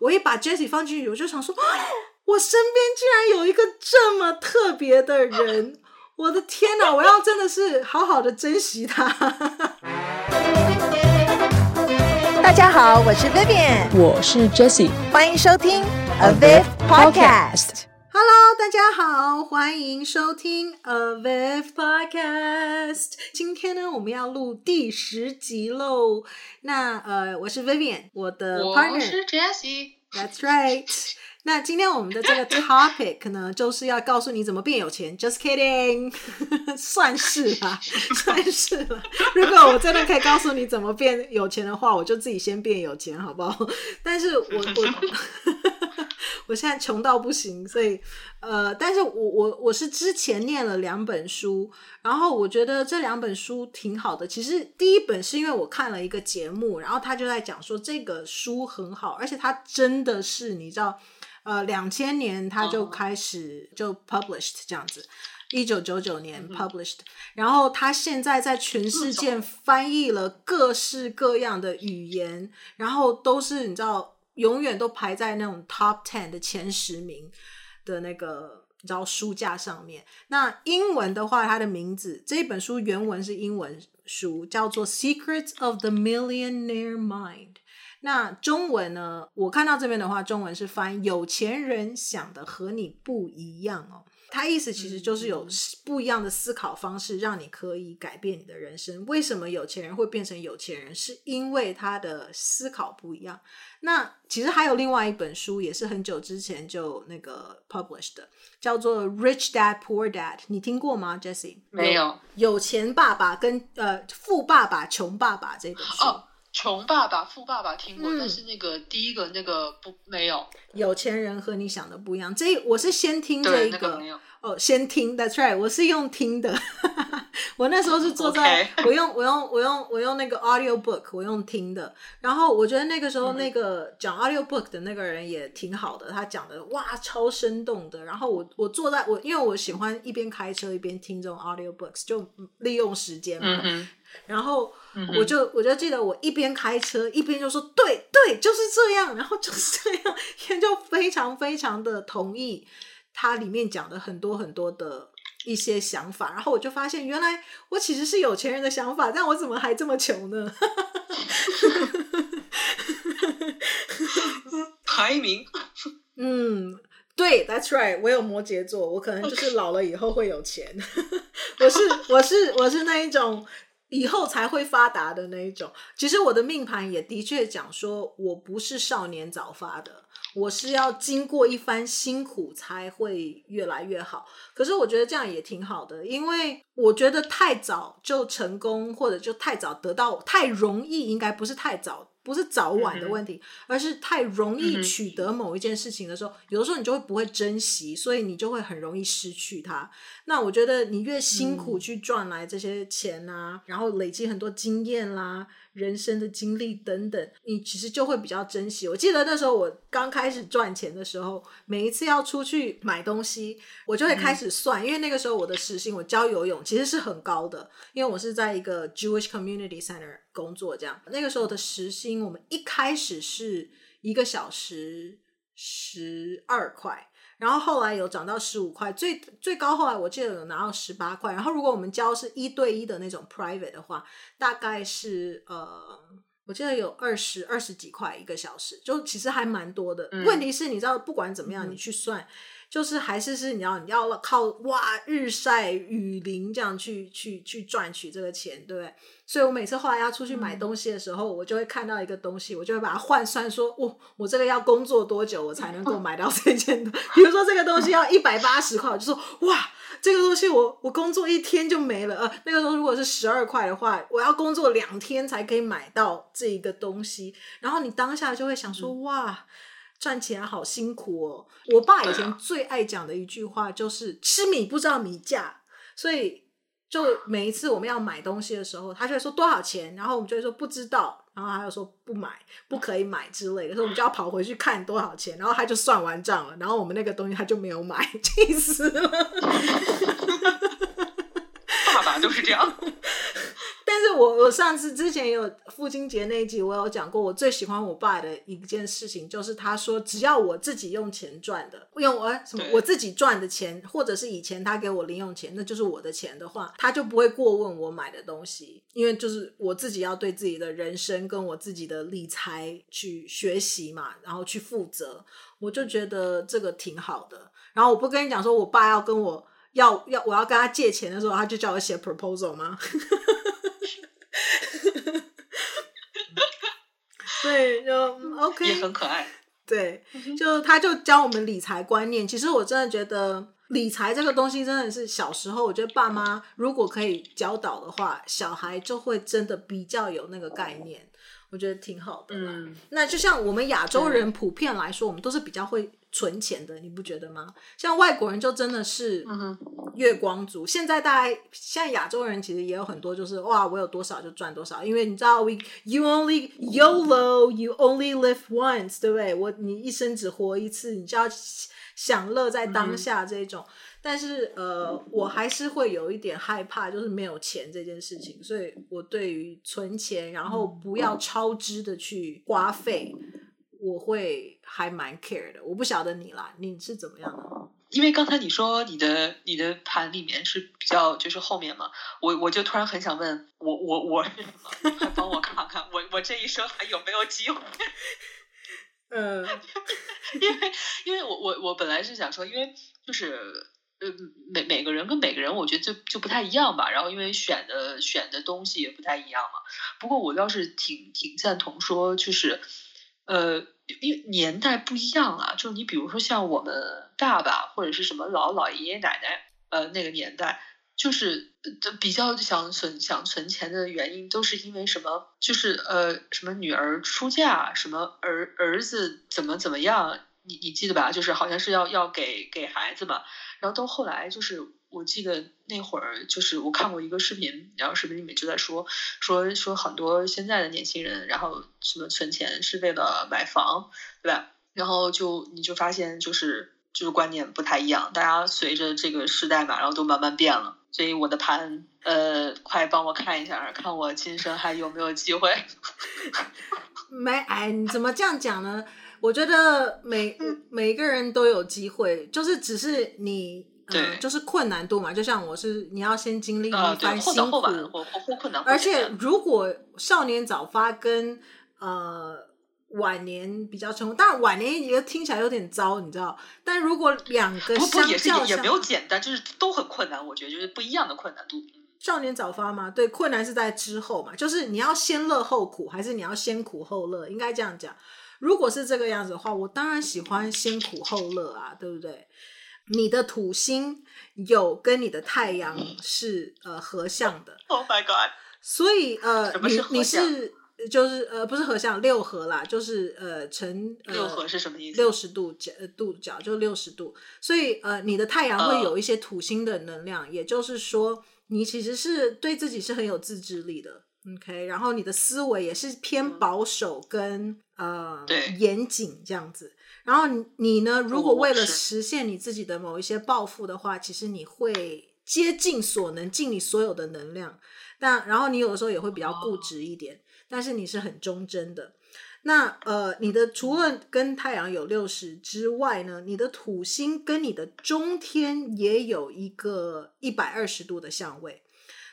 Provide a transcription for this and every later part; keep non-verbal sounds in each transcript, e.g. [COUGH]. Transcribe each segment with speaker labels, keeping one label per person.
Speaker 1: 我一把 Jessie 放進去，我就想說，啊，我身邊竟然有一個這麼特別的人，我的天哪！我要真的是好好的珍惜他。大家好，我是 Vivian，我是 Jessie，歡迎收聽 avivPodcast。Hello，大家好，歡迎收聽 aviv Podcast。今天呢，我們要錄第十集嘍。那呃，我是 Vivian，我的 partner 我是 Jessie。That's right。那今天我們的這個 topic 呢，就是要告訴你怎麼變有錢。Just kidding， [LAUGHS] 算是吧、啊，算是吧、啊。 [LAUGHS] 如果我真的可以告訴你怎麼變有錢的話，我就自己先變有錢，好不好？但是我我。 [LAUGHS] 我現在窮到不行，所以呃，但是我我我是之前唸了兩本書，然後我覺得這兩本書挺好的。其實第一本是因為我看了一個節目，然後他就在講說這個書很好，而且他真的是你知道，呃，兩千年他就開始就 published 這樣子，一九九九年 published，然後他現在在全世界翻譯了各式各樣的語言，然後都是你知道。永遠都排在那種 top ten 的前十名的那個，你知道書架上面。那英文的話，它的名字，這本書原文是英文書，叫做《Secrets of the Millionaire Mind》。那中文呢？我看到這邊的話，中文是翻“有錢人想的和你不一樣”哦。他意思其實就是有不一樣的思考方式，讓你可以改變你的人生。為什麼有錢人會變成有錢人？是因為他的思考不一樣。那其實還有另外一本書，也是很久之前就那個 published 的，叫做《Rich Dad Poor Dad》，你聽過嗎，Jesse？沒有，有錢爸爸跟呃富爸爸窮爸爸這本書。Oh. 窮爸爸、富爸爸聽過，嗯、但是那個第一個那個不沒有。有錢人和你想的不一樣。這我是先聽這一個，哦，那個沒有 oh, 先聽。That's right，我是用聽的。 [LAUGHS] 我那時候是坐在、okay. 我用我用我用我用那個 audiobook，我用聽的。然後我覺得那個時候那個講、嗯、audiobook 的那個人也挺好的，他講的哇超生動的。然後我我坐在我因為我喜歡一邊開車一邊聽這種 audiobooks，就利用時間嘛、嗯。然後。我就我就記得我一邊開車一邊就說，對對就是這樣，然後就是這樣，也就非常非常的同意他裡面講的很多很多的一些想法。然後我就發現，原來我其實是有錢人的想法，但我怎麼還這麼窮呢？ [LAUGHS]
Speaker 2: 排名，
Speaker 1: 嗯，對，That's right，我有摩羯座，我可能就是老了以後會有錢。 [LAUGHS] 我是我是我是那一種。以後才會發達的那一種，其實我的命盤也的確講說，我不是少年早發的，我是要經過一番辛苦才會越來越好。可是我覺得這樣也挺好的，因為。我覺得太早就成功，或者就太早得到，太容易，應該不是太早，不是早晚的問題，嗯、而是太容易取得某一件事情的時候、嗯，有的時候你就會不會珍惜，所以你就會很容易失去它。那我覺得你越辛苦去賺來這些錢啊，嗯、然後累積很多經驗啦、啊、人生的經歷等等，你其實就會比較珍惜。我記得那時候我剛開始賺錢的時候，每一次要出去買東西，我就會開始算，嗯、因為那個時候我的時薪我教游泳，其實是很高的，因為我是在一個 Jewish Community Center 工作。這樣那個時候的時薪，我們一開始是一個小時十二塊，然後後來有漲到十五塊，最最高後來我記得有拿到十八塊，然後如果我們教是一對一的那種 private 的話，大概是呃，我記得有二十二十幾塊一個小時，就其實還蠻多的。嗯，問題是，你知道不管怎麼樣，你去算。嗯就是還是是，你要你要靠，哇日曬雨淋這樣去去去賺取這個錢，對不對？所以我每次後來要出去買東西的時候，嗯、我就會看到一個東西，我就會把它換算說，我我這個要工作多久我才能夠買到這件，嗯？比如說這個東西要一百八十塊，嗯、我就說哇，這個東西我我工作一天就沒了。呃，那個時候如果是十二塊的話，我要工作兩天才可以買到這個東西。然後你當下就會想說，嗯、哇。賺錢好辛苦哦！我爸以前最愛講的一句話就是“吃米不知道米價”，所以就每一次我們要買東西的時候，他就會說多少錢，然後我們就會說不知道，然後他又說不買，不可以買之類的。所以我們就要跑回去看多少錢，然後他就算完賬了，然後我們那個東西他就沒有買，氣死了！爸爸就是這樣。但是我我上次之前有父親節那一集，我有講過，我最喜歡我爸的一件事情，就是他說只要我自己用錢賺的，用我什麼我自己賺的錢，或者是以前他給我零用錢，那就是我的錢的話，他就不會過問我買的東西，因為就是我自己要對自己的人生跟我自己的理財去學習嘛，然後去負責，我就覺得這個挺好的。然後我不跟你講說，我爸要跟我要要我要跟他借錢的時候，他就叫我寫 proposal 嗎？ [LAUGHS] 哈 [LAUGHS] 對，就、um, OK，也很可愛。對，就他就教我們理財觀念。其實我真的覺得理財這個東西，真的是小時候，我覺得爸媽如果可以教導的話，小孩就會真的比較有那個概念。我覺得挺好的啦。嗯，那就像我們亞洲人普遍來說、嗯，我們都是比較會。存錢的，你不覺得嗎？像外國人就真的是月光族。嗯、現在大家，現在亞洲人其實也有很多，就是哇，我有多少就賺多少，因為你知道，we you only YOLO you only live once，對不對？我你一生只活一次，你就要享樂在當下這一種、嗯。但是呃，我還是會有一點害怕，就是沒有錢這件事情，所以我對於存錢，然後不要超支的去花費。我會還蠻 care 的，我不曉得你啦，你是怎麼樣的？
Speaker 2: 因為剛才你說你的你的盤裡面是比較就是後面嘛，我我就突然很想問，我我我，快幫我看看， [LAUGHS] 我我這一生還有沒有機會？嗯、呃， [LAUGHS] 因為因為我我我本來是想說，因為就是呃，每每個人跟每個人，我覺得就就不太一樣吧。然後因為選的選的東西也不太一樣嘛。不過我倒是挺挺贊同說，就是呃。因為年代不一樣啊，就是你比如說像我們爸爸或者是什麼老老爺爺奶奶，呃，那個年代就是比較想存想存錢的原因，都是因為什麼？就是呃，什麼女兒出嫁，什麼兒兒子怎麼怎麼樣。你你記得吧？就是好像是要要給給孩子吧，然後到後來，就是我記得那會兒，就是我看過一個視頻，然後視頻裡面就在說說說很多現在的年輕人，然後什麼存錢是為了買房，對吧？然後就你就發現就是就是觀念不太一樣，大家隨着這個時代嘛，然後都慢慢變了。所以我的盤，呃，快幫我看一下，看我今生還有沒有機會？
Speaker 1: 沒哎，你怎麼這樣講呢？我覺得每每一個人都有機會，嗯、就是只是你、呃，就是困難度嘛。就像我是，你要先經歷一番辛苦，嗯、後晚難，而且如果少年早發跟呃晚年比較成功，當然晚年也聽起來有點糟，你知道？但如果兩個相較不不，也是，也，也沒有簡單，就是都很
Speaker 2: 困難。我覺得就是不一
Speaker 1: 樣的困難度。少年早發嘛，對，困難是在之後嘛，就是你要先樂後苦，還是你要先苦後樂？應該這樣講。如果是這個樣子的話，我當然喜歡先苦後樂啊，對不對？你的土星有跟你的太陽是、嗯、呃合相的，Oh my God！所以呃，什麼是合相？你你是就是呃不是合相六合啦，就是呃成呃六合是什麼意思？六十度角度角就六十度，所以呃，你的太陽會有一些土星的能量，oh. 也就是說你其實是對自己是很有自制力的，OK？然後你的思維也是偏保守跟。Oh. 呃，嚴謹這樣子。然後你呢？如果為了實現你自己的某一些抱負的話，其實你會竭盡所能，盡你所有的能量。但然後你有的時候也會比較固執一點，哦、但是你是很忠貞的。那呃，你的除了跟太陽有六十之外呢，你的土星跟你的中天也有一個一百二十度的相位，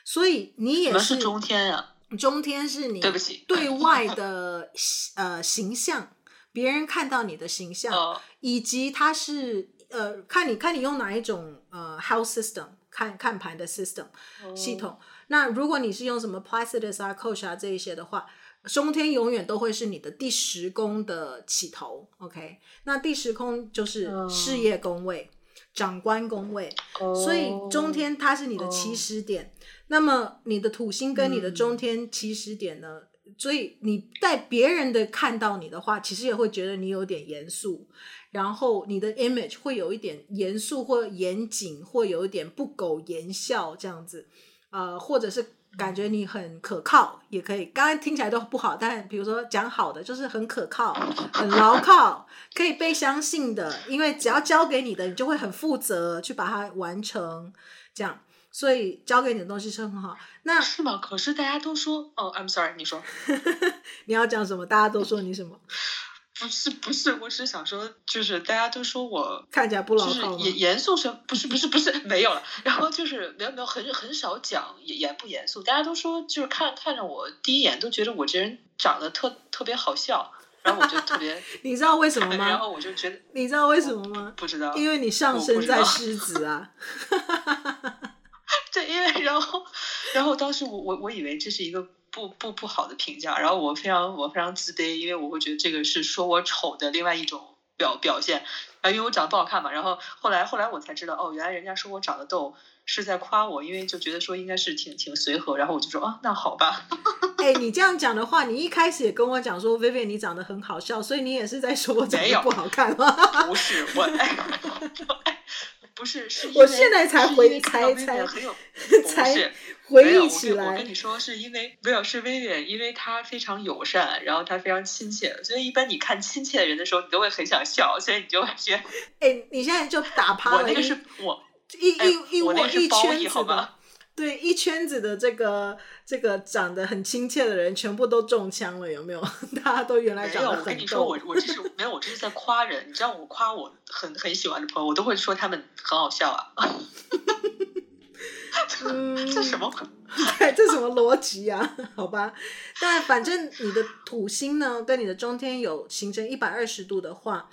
Speaker 1: 所以你也是，什麼是中天啊？中天是你對外的對 [LAUGHS] 呃形象，別人看到你的形象，oh. 以及它是呃看你看你用哪一種呃 health system 看看盤的 system 系統。Oh. 那如果你是用什麼 Placidus 啊 Koch 啊這一些的話，中天永遠都會是你的第十宮的起頭。OK，那第十宮就是事業宮位。Oh. 長官宮位，oh, 所以中天它是你的起始點。Oh. 那麼你的土星跟你的中天起始點呢、嗯？所以你在別人的看到你的話，其實也會覺得你有點嚴肅，然後你的 image 會有一點嚴肅或嚴謹，或有一點不苟言笑這樣子，呃，或者是。感覺你很可靠，也可以。剛剛聽起來都不好，但比如說講好的，就是很可靠、很牢靠，可以被相信的。因為只要交給你的，你就會很負責去把它完成，這樣。所以交給你的東西是很好。那是嗎？可是大家都說
Speaker 2: 哦、oh，I'm sorry，你說
Speaker 1: [LAUGHS] 你要講什麼？大家都說你什麼？
Speaker 2: 不是不是，我只是想說，就是大家都說我看起來不老，就是嚴嚴肅是，不是不是不是沒有了，然後就是沒有沒有很很少講嚴嚴不嚴肅，大家都說就是看看着我第一眼都覺得我這人長得特特別好笑，然後我就特別， [LAUGHS] 你知道為什麼嗎？然後我就覺得你知道為什麼嗎？不，不知道，因為你上升在獅子啊，哈哈哈哈哈。對，因為然後然後當時我我我以為這是一個。不不不好的評價，然後我非常我非常自卑，因為我會覺得這個是說我醜的另外一種表表現，啊，因為我長得不好看嘛。然後後來後來我才知道，哦，原來人家說我長得逗是在誇我，因為就覺得說應該是挺挺隨和。然後我就說啊，那好吧。
Speaker 1: 哎，你這樣講的話，你一開始也跟我講說，薇薇你長得很好笑，所以你也是在說我長得不好看嗎？
Speaker 2: 不是我。哎我不是，是因為我現在才回猜猜，不是才才才沒有回憶起來。我跟，我跟你說，是因為威爾是威廉，因為他非常友善，然後他非常親切，所以一般你看親切的人的時候，你都會很想笑，所以你就會覺
Speaker 1: 得，哎，你現在就打趴了。我那個是
Speaker 2: 我一我一我一圈子的、哎、我那個是褒義，好吧
Speaker 1: 對，一圈子的這個這個長得很親切的人，全部都中槍了，有沒有？大家都原來長得很逗。我我
Speaker 2: 我、就是、沒有，我就是在誇人。你知道，我誇我很很喜歡的朋友，我都會說他們很好笑啊。 [LAUGHS] [LAUGHS] 嗯、 [LAUGHS]
Speaker 1: 這什麼？ [LAUGHS] 對，這什麼邏輯啊？好吧，但反正你的土星呢，跟你的中天有形成一百二十度的話，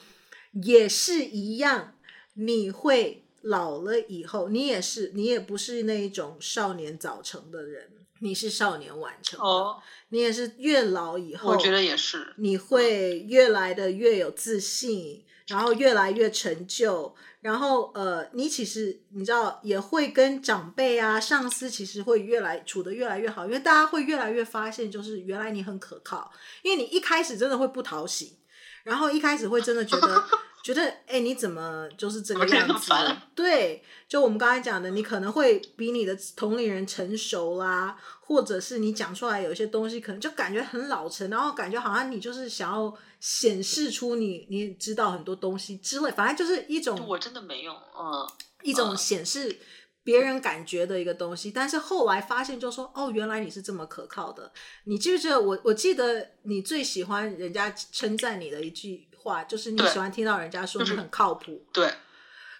Speaker 1: 也是一樣，你會。老了以後，你也是，你也不是那一種少年早成的人，你是少年晚成的。哦、oh，你也是越老以後，我覺得也是，你會越來的越有自信，然後越來越成就，然後呃，你其實你知道也會跟長輩啊、上司其實會越來處得越來越好，因為大家會越來越發現，就是原來你很可靠，因為你一開始真的會不討喜，然後一開始會真的覺得。 [LAUGHS] 覺得哎、欸，你怎麼就是這個樣子，煩。對，就我們剛才講的，你可能會比你的同齡人成熟啦，或者是你講出來有些東西，可能就感覺很老成，然後感覺好像你就是想要顯示出你你知道很多東西之類，反正就是一種我真的沒有，嗯，一種顯示別人感覺的一個東西。嗯、但是後來發現，就說哦，原來你是這麼可靠的。你記不記得我，我記得你最喜歡人家稱讚你的一句。就是你喜歡聽到人家說你很靠譜。對，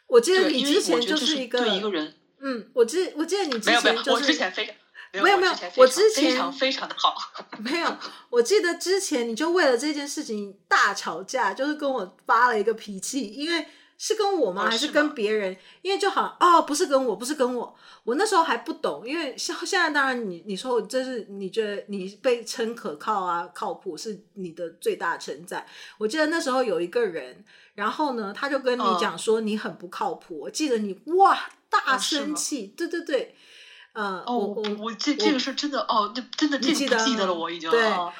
Speaker 1: 我記得你之前就是一個對是對一個人。嗯，我記我記得你之前就是，沒有，沒有我之前非沒有
Speaker 2: 沒有我之前，非
Speaker 1: 常，我之前非常非常的好。沒有，我記得之前你就為了這件事情大吵架， [LAUGHS] 就是跟我發了一個脾氣，因為。是跟我嗎？還是跟別人？哦、因為就好哦，不是跟我，不是跟我。我那時候還不懂，因為像現在當然你你說，這是你覺得你被稱可靠啊、靠譜是你的最大稱讚。我記得那時候有一個人，然後呢，他就跟你講說，你很不靠譜。呃、我記得你哇大生氣、哦，對對對，嗯、呃、哦我我這這個是真的哦，那真的你記得，記得了我已經。嗯對哦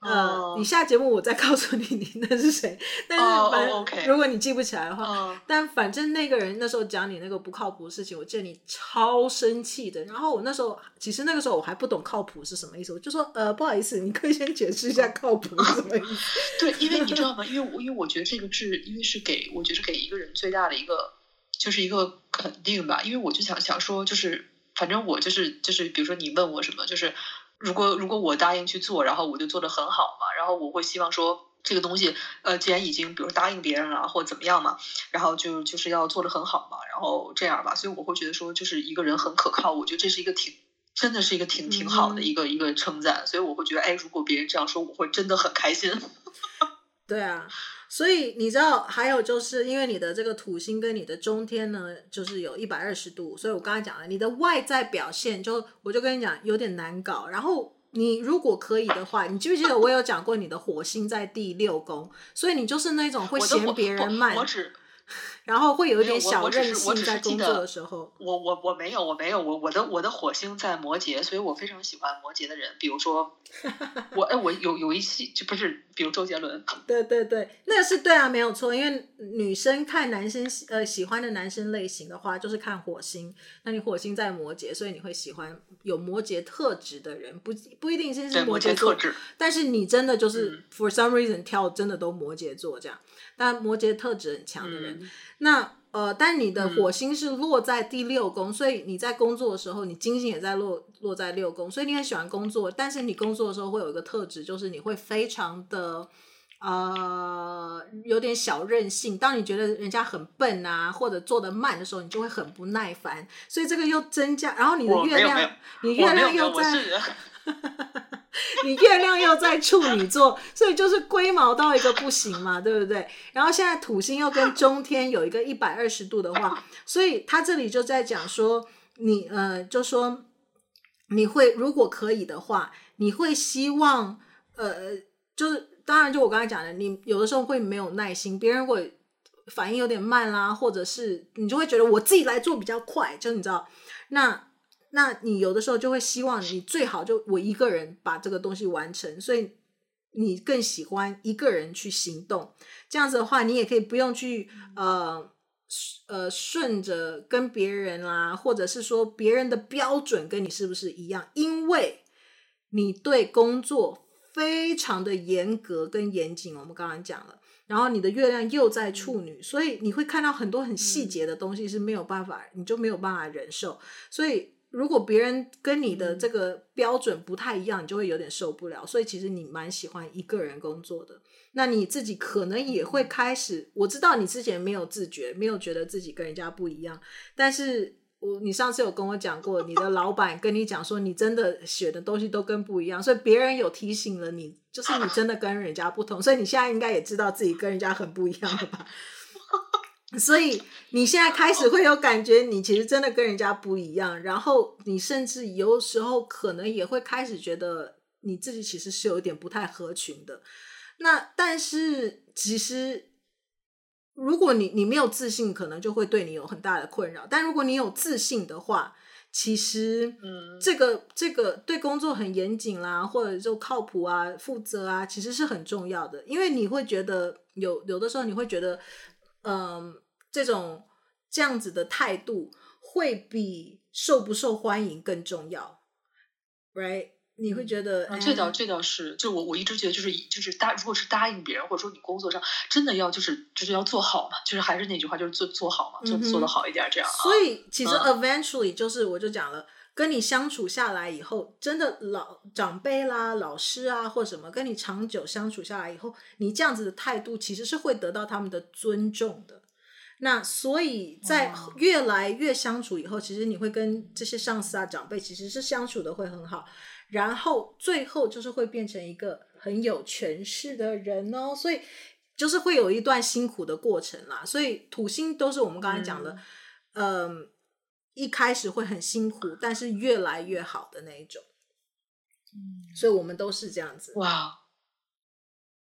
Speaker 1: 呃、uh, uh，你下節目我再告訴你，你那是誰？但是、uh, 反正，如果你記不起來的話，uh, okay, uh, 但反正那個人那時候講你那個不靠譜的事情，我見你超生氣的。然後我那時候，其實那個時候我還不懂靠譜是什麼意思，我就說，呃，不好意思，
Speaker 2: 你可以先解釋一下靠譜是什麼意思。對，因為你知道嗎？因為，我因為我覺得這個是因為是給，我覺得是給一個人最大的一個，就是一個肯定吧。因為我就想想說，就是反正我就是就是，比如說你問我什麼，就是。如果如果我答應去做，然後我就做得很好嘛，然後我會希望說這個東西，呃，既然已經比如答應別人了或怎麼樣嘛，然後就就是要做得很好嘛，然後這樣吧，所以我會覺得說就是一個人很可靠，我覺得這是一個挺真的是一個挺挺好的一個、嗯、一個稱讚，所以我會覺得哎，如果別人這樣說，我會真的很開心。
Speaker 1: [LAUGHS] 對啊。所以你知道，還有就是因為你的這個土星跟你的中天呢，就是有一百二十度，所以我剛才講了，你的外在表現就，我就跟你講，有點難搞。然後你如果可以的話，你記不記得我有講過你的火星在第六宮，所以你就是那種會嫌別人慢。然後會有一點小任性，在工作的時
Speaker 2: 候。我我我，我沒有我沒有我我的我的火星在摩羯，所以我非常喜歡摩羯的人。比如說我哎我有有一系就不是，比如周杰倫。
Speaker 1: [LAUGHS] 對對對，那是對啊，沒有錯。因為女生看男生呃喜歡的男生類型的話，就是看火星。那你火星在摩羯，所以你會喜歡有摩羯特質的人，不不一定先是摩羯，特質，摩羯特質。但是你真的就是 for some reason 跳真的都摩羯座這樣。但摩羯特質很強的人，嗯、那呃，但你的火星是落在第六宮，嗯、所以你在工作的時候，你金星也在落落在六宮，所以你很喜歡工作。但是你工作的時候會有一個特質，就是你會非常的呃有點小任性。當你覺得人家很笨啊，或者做的慢的時候，你就會很不耐煩。所以這個又增加，然後你的月亮，沒有沒有你月亮又在。 [LAUGHS] [LAUGHS] 你月亮又在處女座，所以就是龜毛到一個不行嘛，對不對？然後現在土星又跟中天有一個一百二十度的話，所以他這裡就在講說，你呃，就說你會如果可以的話，你會希望呃，就是當然就我剛才講的，你有的時候會沒有耐心，別人會反應有點慢啦，或者是你就會覺得我自己來做比較快，就是你知道那。那你有的時候就會希望你最好就我一個人把這個東西完成，所以你更喜歡一個人去行動。這樣子的話，你也可以不用去呃呃順着跟別人啊，或者是說別人的標準跟你是不是一樣，因為你對工作非常的嚴格跟嚴謹，我們剛剛講了，然後你的月亮又在處女、嗯，所以你會看到很多很細節的東西是沒有辦法，嗯、你就沒有辦法忍受，所以。如果別人跟你的這個標準不太一樣，你就會有點受不了。所以其實你蠻喜歡一個人工作的。那你自己可能也會開始。我知道你之前沒有自覺，沒有覺得自己跟人家不一樣。但是，我你上次有跟我講過，你的老闆跟你講說，你真的學的東西都跟不一樣。所以別人有提醒了你，就是你真的跟人家不同。所以你現在應該也知道自己跟人家很不一樣了吧？所以你現在開始會有感覺，你其實真的跟人家不一樣。然後你甚至有時候可能也會開始覺得你自己其實是有一點不太合群的。那但是其實，如果你你沒有自信，可能就會對你有很大的困擾。但如果你有自信的話，其實這個、嗯、這個對工作很嚴謹啦，或者就靠譜啊、負責啊，其實是很重要的。因為你會覺得有有的時候你會覺得。嗯，這種這樣子的態度會比受不受歡迎更重要
Speaker 2: ，right？你
Speaker 1: 會覺得這倒、嗯嗯、哎、
Speaker 2: 這倒是，就我我一直覺得就是就是答，如果是答應別人，或者說你工作上真的要就是就是要做好嘛，就是還是那句話，就是做做好嘛，嗯、做做的好一點這樣啊。所以其實 eventually、嗯、就
Speaker 1: 是我就講了。跟你相處下來以後，真的老長輩啦、老師啊，或什麼，跟你長久相處下來以後，你這樣子的態度其實是會得到他們的尊重的。那所以，在越來越相處以後、哦，其實你會跟這些上司啊、長輩，其實是相處得會很好。然後最後就是會變成一個很有權勢的人哦。所以就是會有一段辛苦的過程啦。所以土星都是我們剛才講的，嗯。呃一開始會很辛苦，但是越來越好的那一種，所以我們都是這樣
Speaker 2: 子。哇！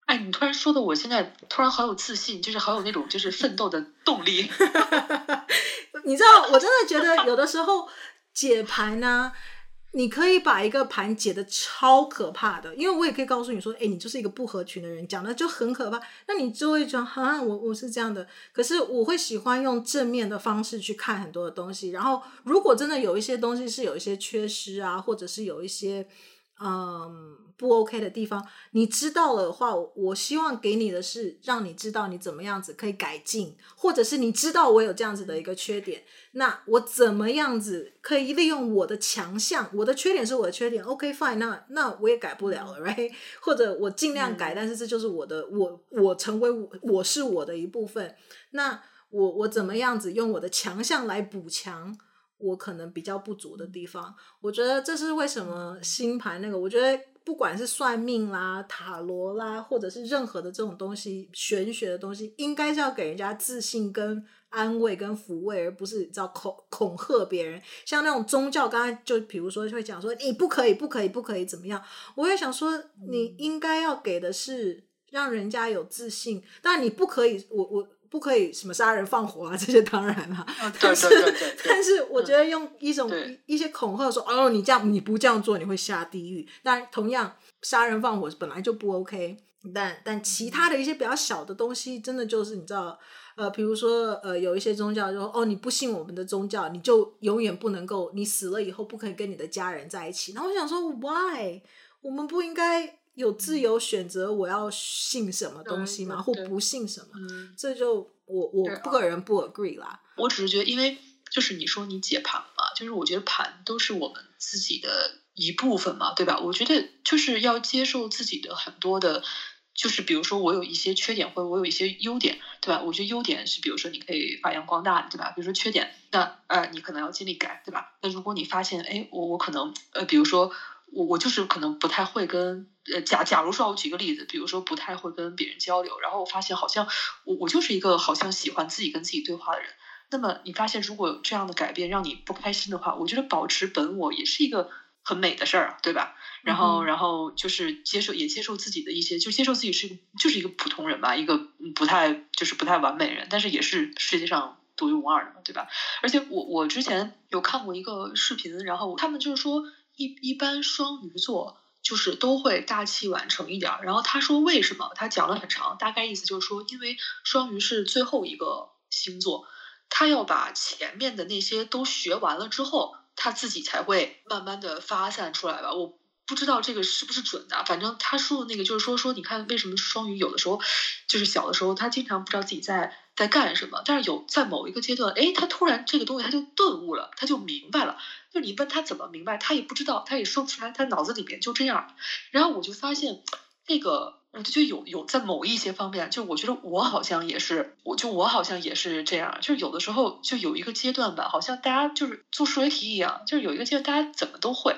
Speaker 2: 哎，你突然說的，我現在突然好有自信，就是好有那種就是奮鬥的動力。 [LAUGHS] 你知道，我真的覺得有的時候
Speaker 1: 解牌呢。你可以把一個盤解得超可怕的，因為我也可以告訴你說，哎，你就是一個不合群的人，講的就很可怕。那你就會講，啊，我我是這樣的，可是我會喜歡用正面的方式去看很多的東西。然後，如果真的有一些東西是有一些缺失啊，或者是有一些。嗯、um，不 OK 的地方，你知道了的話，我希望給你的是讓你知道你怎麼樣子可以改進，或者是你知道我有這樣子的一個缺點，那我怎麼樣子可以利用我的強項？我的缺點是我的缺點，OK fine，那那我也改不了，right？了或者我盡量改、嗯，但是這就是我的，我我成為我，我是我的一部分。那我我怎麼樣子用我的強項來補強？我可能比較不足的地方，我覺得這是為什麼星盤那個。我覺得不管是算命啦、塔羅啦，或者是任何的這種東西、玄學的東西，應該是要給人家自信、跟安慰、跟撫慰，而不是要恐恐嚇別人。像那種宗教，剛才就比如說就會講說你不可以、不可以、不可以怎麼樣。我也想說，你應該要給的是讓人家有自信，但你不可以。我我。不可以什麼殺人放火啊，這些當然了。但是、oh、但是，對對對對，但是我覺得用一種、嗯、一,一些恐嚇說哦，你這樣你不這樣做你會下地獄。但同樣殺人放火本來就不 OK 但。但但其他的一些比較小的東西，真的就是你知道，呃，比如說呃，有一些宗教就說哦，你不信我們的宗教，你就永遠不能夠，你死了以後不可以跟你的家人在一起。那我想說，Why？我們不應該。有自由選擇我要信什麼東西嗎？或不信什麼，這就
Speaker 2: 我我個人不 agree 啦。我只是覺得，因為就是你說你解盤嘛，就是我覺得盤都是我們自己的一部分嘛，對吧？我覺得就是要接受自己的很多的，就是比如說我有一些缺點，或者我有一些優點，對吧？我覺得優點是，比如說你可以發揚光大，對吧？比如說缺點，那呃你可能要盡力改，對吧？那如果你發現，哎，我我可能呃，比如說。我我就是可能不太會跟呃假假如說我舉個例子，比如說不太會跟別人交流，然後我發現好像我我就是一個好像喜歡自己跟自己對話的人。那麼你發現如果這樣的改變讓你不開心的話，我覺得保持本我也是一個很美的事兒啊，對吧？然後然後就是接受也接受自己的一些，就接受自己是一個就是一個普通人吧，一個不太就是不太完美人，但是也是世界上獨一無二的嘛，對吧？而且我我之前有看過一個視頻，然後他們就是說。一一般雙魚座就是都會大器晚成一點兒，然後他說為什麼？他講了很長，大概意思就是說，因為雙魚是最後一個星座，他要把前面的那些都學完了之後，他自己才會慢慢的發散出來吧。我不知道這個是不是準的，反正他說的那個就是說說，你看為什麼雙魚有的時候就是小的時候他經常不知道自己在在幹什麼，但是有在某一個階段，哎，他突然這個東西他就頓悟了，他就明白了。就你問他怎麼明白，他也不知道，他也說不出來，他腦子裡面就這樣。然後我就發現，那個我就就有有在某一些方面，就我覺得我好像也是，我就我好像也是這樣。就是有的時候就有一個階段吧，好像大家就是做數學題一樣，就是有一個階段大家怎麼都會，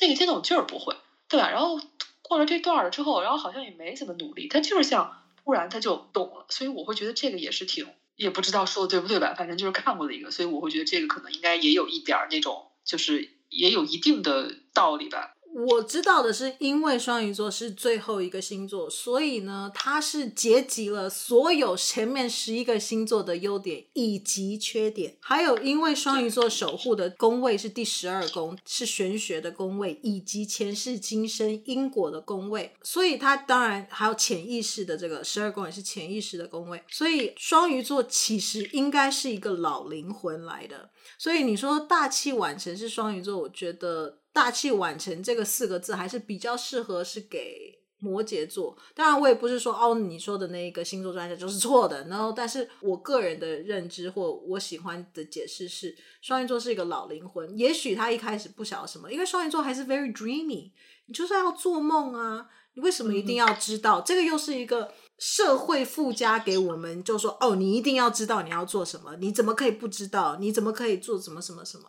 Speaker 2: 那個階段我就是不會，對吧？然後過了這段了之後，然後好像也沒怎麼努力，他就是像突然他就懂了。所以我會覺得這個也是挺，也不知道說的對不對吧？反正就是看過的一個，所以我會覺得這個可能應該也有一點那種。就是也有一定的道理吧。
Speaker 1: 我知道的是，因為雙魚座是最後一個星座，所以呢，它是結集了所有前面十一個星座的優點以及缺點。還有，因為雙魚座守護的宮位是第十二宮，是玄學的宮位以及前世今生因果的宮位，所以它當然還有潛意識的這個十二宮也是潛意識的宮位。所以雙魚座其實應該是一個老靈魂來的。所以你說大器晚成是雙魚座，我覺得。大器晚成這個四個字還是比較適合是給摩羯座。當然，我也不是說哦，你說的那一個星座專家就是錯的。然後，但是我個人的認知或我喜歡的解釋是，雙魚座是一個老靈魂。也許他一開始不曉得什麼，因為雙魚座還是 very dreamy。你就是要做夢啊！你為什麼一定要知道？嗯、這個又是一個社會附加給我們，就說哦，你一定要知道你要做什麼，你怎麼可以不知道？你怎麼可以做什麼什麼什麼？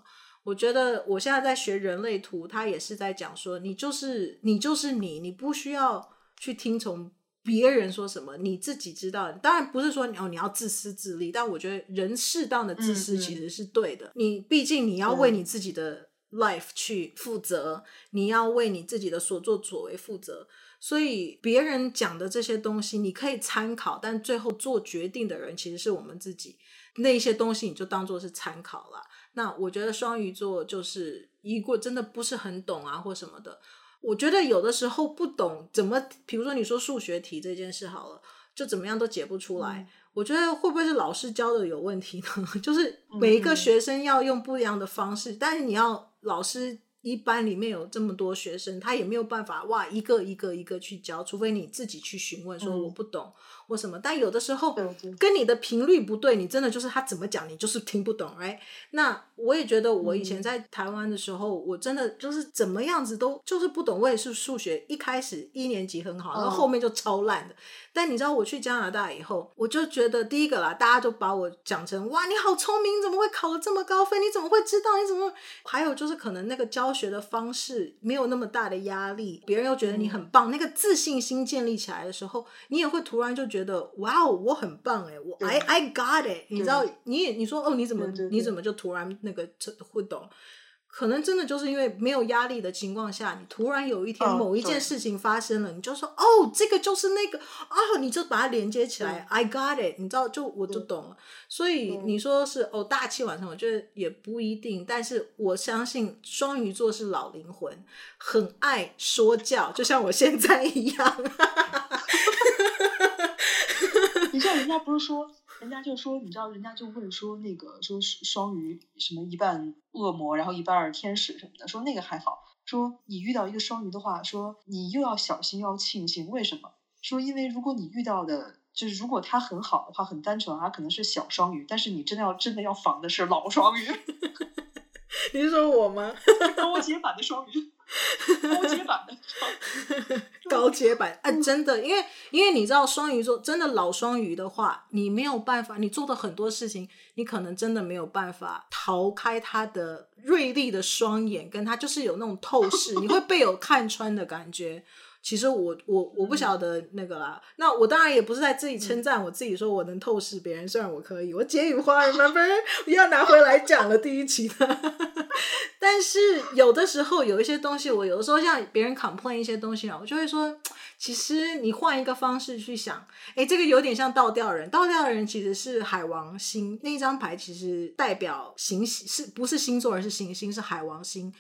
Speaker 1: 我覺得我現在在學人類圖，他也是在講說，你就是你就是你，你不需要去聽從別人說什麼，你自己知道。當然不是說你，哦，你要自私自利，但我覺得人適當的自私其實是對的。嗯嗯，你畢竟你要為你自己的 life 去負責，嗯，你要為你自己的所作所為負責。所以別人講的這些東西你可以參考，但最後做決定的人其實是我們自己。那些東西你就當做是參考了。那我覺得雙魚座就是如果真的不是很懂啊或什麼的，我覺得有的時候不懂怎麼，比如說你說數學題這件事好了，就怎麼樣都解不出來、嗯。我覺得會不會是老師教的有問題呢？就是每一個學生要用不一樣的方式、嗯，但是你要老師。一班裡面有這麼多學生，他也沒有辦法哇，一個一個一個去教，除非你自己去詢問說我不懂、嗯、我什麼。但有的時候跟你的頻率不對，你真的就是他怎麼講你就是聽不懂哎。Right? 那我也覺得我以前在台灣的時候、嗯，我真的就是怎麼樣子都就是不懂。我也是數學一開始一年級很好，然後後面就超爛的、嗯。但你知道我去加拿大以後，我就覺得第一個啦，大家都把我講成哇你好聰明，怎麼會考得這麼高分？你怎麼會知道？你怎麼還有就是可能那個教。學的方式沒有那麼大的壓力，別人又覺得你很棒、嗯，那個自信心建立起來的時候，你也會突然就覺得哇哦，我很棒哎、欸、我、嗯、I I got it，、嗯、你知道，你也你說哦，你怎麼、嗯就是、你怎麼就突然那個會懂？可能真的就是因為沒有壓力的情況下，你突然有一天某一件事情發生了，oh, 你就說哦，這個就是那個啊、哦，你就把它連接起來。I got it，你知道，就我就懂了。嗯、所以你說是哦，大器晚成，我覺得也不一定。但是我相信雙魚座是老靈魂，很愛說教，就像我現在一
Speaker 2: 樣。 [LAUGHS] [LAUGHS] 你像人家不是說。人家就說，你知道，人家就問說，那個說雙魚什麼一半惡魔，然後一半天使什麼的，說那個還好。說你遇到一個雙魚的話，說你又要小心，要慶幸，為什麼？說因為如果你遇到的就是如果他很好的話，很單純啊，可能是小雙魚，但是你真的要真的要防的是老雙魚。 [LAUGHS] 你說我嗎？高階版的雙魚。 [LAUGHS] 高階
Speaker 1: 階版， [LAUGHS] 高階階版，哎、 [LAUGHS] 啊，真的，因為因為你知道，雙魚座真的老雙魚的話，你沒有辦法，你做的很多事情，你可能真的沒有辦法逃開他的銳利的雙眼，跟他就是有那種透視，你會被有看穿的感覺。 [LAUGHS] 其實我我我不曉得那個啦、嗯，那我當然也不是在自己稱讚、嗯、我自己，說我能透視別人，雖、嗯、然我可以，我解語花，remember? [LAUGHS] 要拿回來講了第一期的。 [LAUGHS] 但是有的時候有一些東西，我有的時候像別人 complain 一些東西啊，我就會說，其實你換一個方式去想，哎，這個有點像倒吊人，倒吊人其實是海王星那一張牌，其實代表行星是不是星座，而是行星是海王星。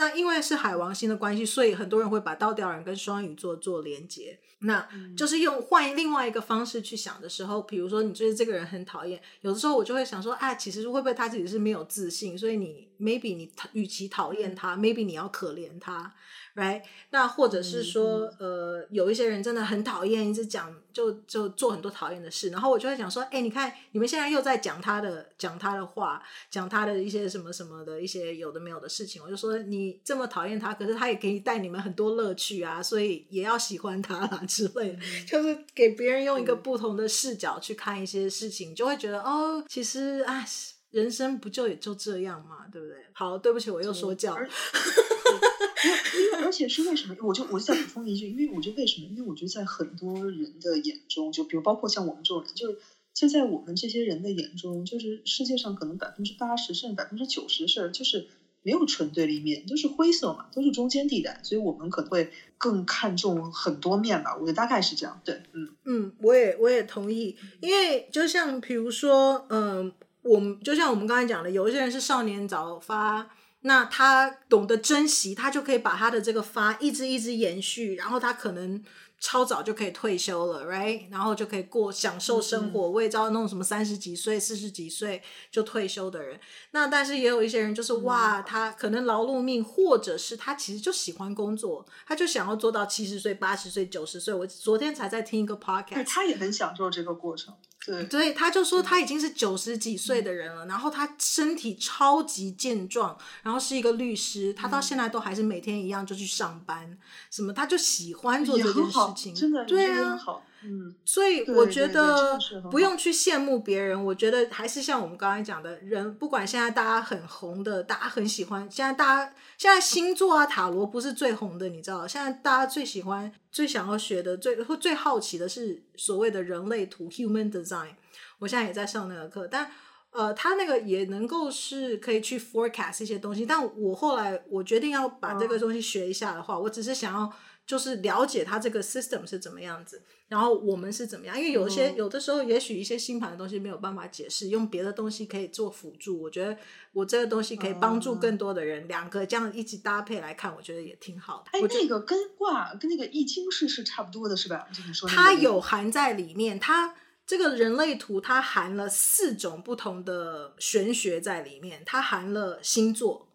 Speaker 1: 那因為是海王星的關係，所以很多人會把倒吊人跟雙魚座做連接。那、嗯、就是用換另外一個方式去想的時候，比如說你覺得這個人很討厭，有的時候我就會想說，啊，其實會不會他自己是沒有自信，所以你。Maybe 你與其討厭他，Maybe 你要可憐他，right？那或者是說、嗯，呃，有一些人真的很討厭，一直講，就就做很多討厭的事。然後我就會講說，哎、欸，你看，你們現在又在講他的，講他的話，講他的一些什麼什麼的一些有的沒有的事情。我就說，你這麼討厭他，可是他也可以帶你們很多樂趣啊，所以也要喜歡他啦之類的。就是給別人用一個不同的視角去看一些事情，嗯、就會覺得哦，其實啊。人生不就也就這樣嘛，對不對？好，對不起，我又
Speaker 2: 說教了而。 [LAUGHS] 而且是為什麼？我就我就再補充一句，因為我覺得為什麼？因為我覺得在很多人的眼中，就比如包括像我們這種人，就是現在我們這些人的眼中，就是世界上可能百分之八十甚至百分之九十的事兒，就是沒有純對立面、就是，都是灰色嘛，都是中間地帶。所以，我們可能會更看重很多面吧。我覺得大概是這樣。對，嗯嗯，我也我也同意，因為就像比如
Speaker 1: 說，嗯。我們就像我們剛才講的，有一些人是少年早發，那他懂得珍惜，他就可以把他的這個發一直一直延續，然後他可能超早就可以退休了，right？然後就可以過享受生活。嗯、我也知道那種什麼三十幾歲、四十幾歲就退休的人，那但是也有一些人就是、嗯、哇，他可能勞碌命，或者是他其實就喜歡工作，他就想要做到七十歲、八十歲、九十歲。我昨天才在聽一個 podcast，他也很享受這個過程。對，對，他就說他已經是九十幾歲的人了、嗯，然後他身體超級健壯、嗯，然後是一個律師，他到現在都還是每天一樣就去上班，嗯、什麼他就喜歡做這件事情，很好，真的，對啊。嗯，所以我覺得不用去羨慕別人，對對對。我覺得還是像我們剛剛講的，人不管現在大家很紅的，大家很喜歡。現在大家現在星座啊、塔羅不是最紅的，你知道？現在大家最喜歡、最想要學的、最會最好奇的是所謂的人類圖 [NOISE] （Human Design）。我現在也在上那個課，但呃，他那個也能夠是可以去 forecast 一些東西。但我後來我決定要把這個東西學一下的話，Oh. 我只是想要。就是了解它這個 system 是怎麼樣子，然後我們是怎麼樣？因為有些、嗯、有的時候，也許一些星盤的東西沒有辦法解釋，用別的東西可以做輔助。我覺得我這個東西可以幫助更多的人，嗯、兩個這樣一起搭配來看，我覺得也挺好的。哎，那個跟卦跟那個易經是是差不多的，是吧？就說它有含在裡面，它這個人類圖它含了四種不同的玄學在裡面，它含了星座。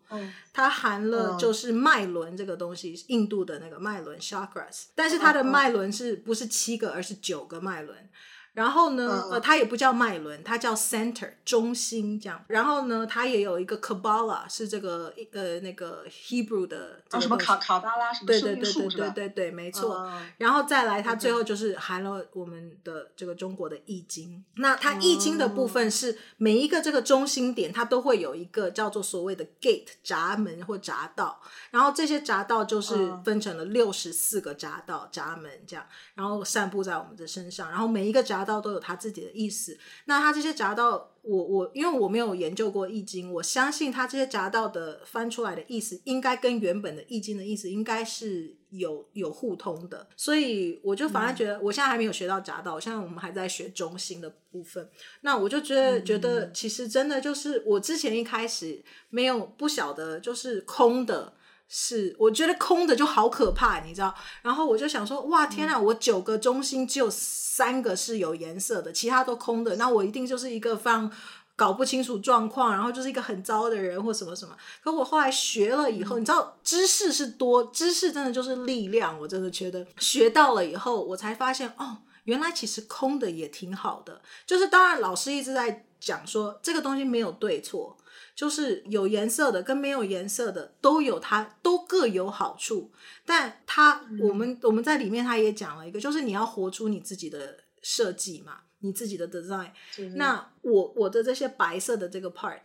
Speaker 1: 它含了就是脈輪這個東西，oh. 印度的那個脈輪 （chakras），但是它的脈輪是不是七個，oh. 而是九個脈輪。然後呢、嗯，呃，它也不叫脈輪，它叫 center 中心這樣。然後呢，它也有一個 Kabbalah 是這個呃那個 Hebrew 的叫、啊這個就是、什麼卡卡巴拉什麼，對對對對對對對，沒錯、嗯。然後再來，它最後就是含了我們的這個中國的易經。嗯、那它易經的部分是每一個這個中心點，它都會有一個叫做所謂的 gate 閘門或閘道。然後這些閘道就是分成了六十四個閘道閘、嗯、門這樣，然後散布在我們的身上。然後每一個閘。道都有他自己的意思，那他這些夾道，我我因為我沒有研究過易經，我相信他這些夾道的翻出來的意思，應該跟原本的易經的意思，應該是有有互通的，所以我就反而覺得、嗯，我現在還沒有學到夾道，現在我們還在學中心的部分，那我就覺得、嗯、覺得其實真的就是我之前一開始沒有不曉得就是空的。是，我覺得空的就好可怕，你知道？然後我就想說，哇，天哪！我九個中心只有三個是有顏色的，其他都空的，那我一定就是一個非常搞不清楚狀況，然後就是一個很糟的人或什麼什麼。可我後來學了以後，你知道，知識是多，知識真的就是力量。我真的覺得學到了以後，我才發現，哦，原來其實空的也挺好的。就是當然，老師一直在講說，這個東西沒有對錯。就是有顏色的跟沒有顏色的都有它，它都各有好處。但它我們、嗯、我們在裡面，它也講了一個，就是你要活出你自己的設計嘛，你自己的 design。嗯、那我我的這些白色的這個 part，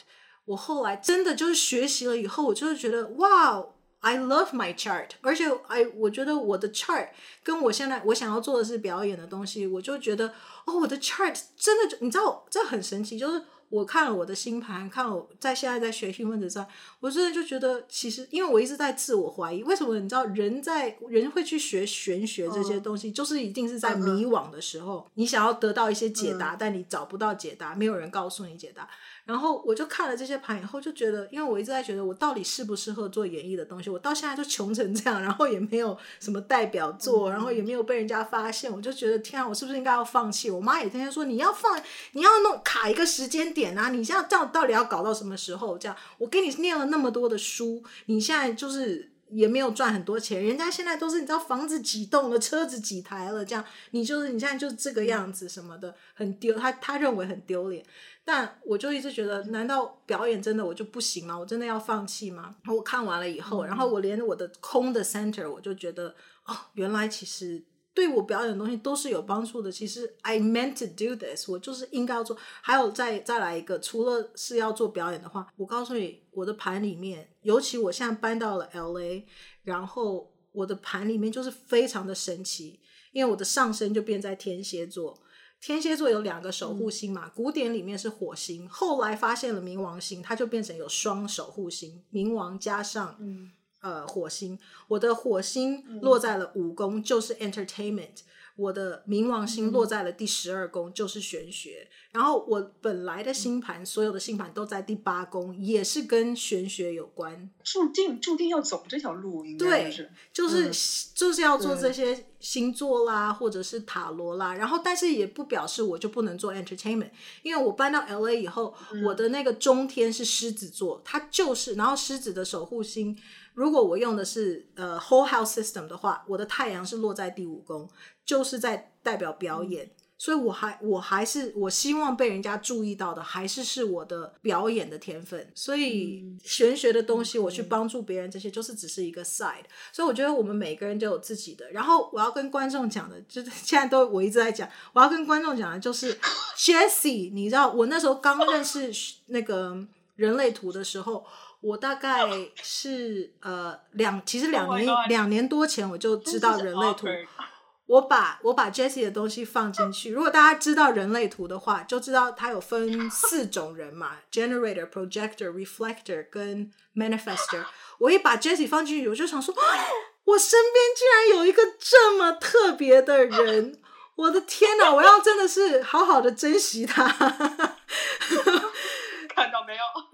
Speaker 1: 我後來真的就是學習了以後，我就是覺得哇哦，I love my chart，而且 I 我覺得我的 chart 跟我現在我想要做的是表演的東西，我就覺得哦，我的 chart 真的，你知道這很神奇，就是。我看了我的星盤，看我在現在在學新聞的時候，我真的就覺得，其實因為我一直在自我懷疑，為什麼你知道人在人會去學玄學這些東西，uh, 就是一定是在迷惘的時候，uh, uh, 你想要得到一些解答，uh, 但你找不到解答，沒有人告訴你解答。然後我就看了這些盤以後，就覺得，因為我一直在覺得我到底適不適合做演藝的東西。我到現在就窮成這樣，然後也沒有什麼代表作，然後也沒有被人家發現。我就覺得天啊，我是不是應該要放棄？我媽也天天說，你要放，你要弄卡一個時間點啊！你現在到到底要搞到什麼時候？這樣我給你念了那麼多的書，你現在就是也沒有賺很多錢。人家現在都是你知道房子幾棟了，車子幾台了，這樣你就是你現在就是這個樣子什麼的，很丟。他他認為很丟臉。但我就一直覺得，難道表演真的我就不行嗎？我真的要放棄嗎？然後我看完了以後、嗯，然後我連我的空的 center，我就覺得哦，原來其實對我表演的東西都是有幫助的。其實 I meant to do this，我就是應該要做。還有再再來一個，除了是要做表演的話，我告訴你，我的盤裡面，尤其我現在搬到了 LA，然後我的盤裡面就是非常的神奇，因為我的上升就變在天蠍座。天蠍座有兩個守護星嘛、嗯，古典裡面是火星，後來發現了冥王星，它就變成有雙守護星，冥王加上、嗯、呃火星。我的火星落在了五宮、嗯，就是 entertainment。我的冥王星落在了第十二宮，就是玄學、嗯。然後我本來的星盤，嗯、所有的星盤都在第八宮、嗯，也是跟玄學有關。注定注定要走這條路，對，就是、就是嗯、就是要做這些星座啦，或者是塔羅啦。然後，但是也不表示我就不能做 entertainment。因為我搬到 LA 以後、嗯，我的那個中天是獅子座，它就是，然後獅子的守護星。如果我用的是呃，whole health system 的話，我的太陽是落在第五宮，就是在代表表演，嗯、所以我還我還是我希望被人家注意到的，還是是我的表演的天分。所以玄、嗯、玄學的東西，我去幫助別人、嗯，這些就是只是一個 side。所以我覺得我們每個人都有自己的。然後我要跟觀眾講的，就是現在都我一直在講，我要跟觀眾講的就是 [LAUGHS] ，Jessie，你知道我那時候剛認識那個人類圖的時候。我大概是呃兩，其實兩年，Oh my God, 兩年多前我就知道人類圖，我把我把 Jesse 的東西放進去。如果大家知道人類圖的話，就知道它有分四種人嘛：generator、projector、reflector 跟 manifestor。我一把 Jesse 放進去，我就想說，我身邊竟然有一個這麼特別的人，我的天吶， [LAUGHS] 我要真的是好好的珍惜他。 [LAUGHS] 看到沒有？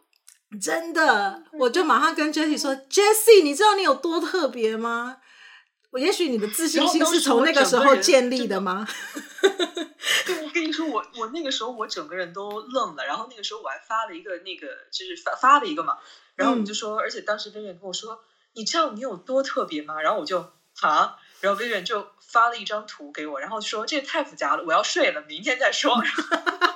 Speaker 1: 真的，我就馬上跟 Jessie 說，Jessie，你知道你有多特別嗎？我也許你的自信心是從那個時候建立
Speaker 2: 的嗎？對， [LAUGHS] 我跟你說，我我那個時候我整個人都愣了，然後那個時候我還發了一個那個，就是發發了一個嘛，然後我們就說、嗯，而且當時 Vivian 跟我說，你知道你有多特別嗎？然後我就啊，然後 Vivian 就發了一張圖給我，然後說這個、太複雜了，我要睡了，明天再說。嗯 [LAUGHS]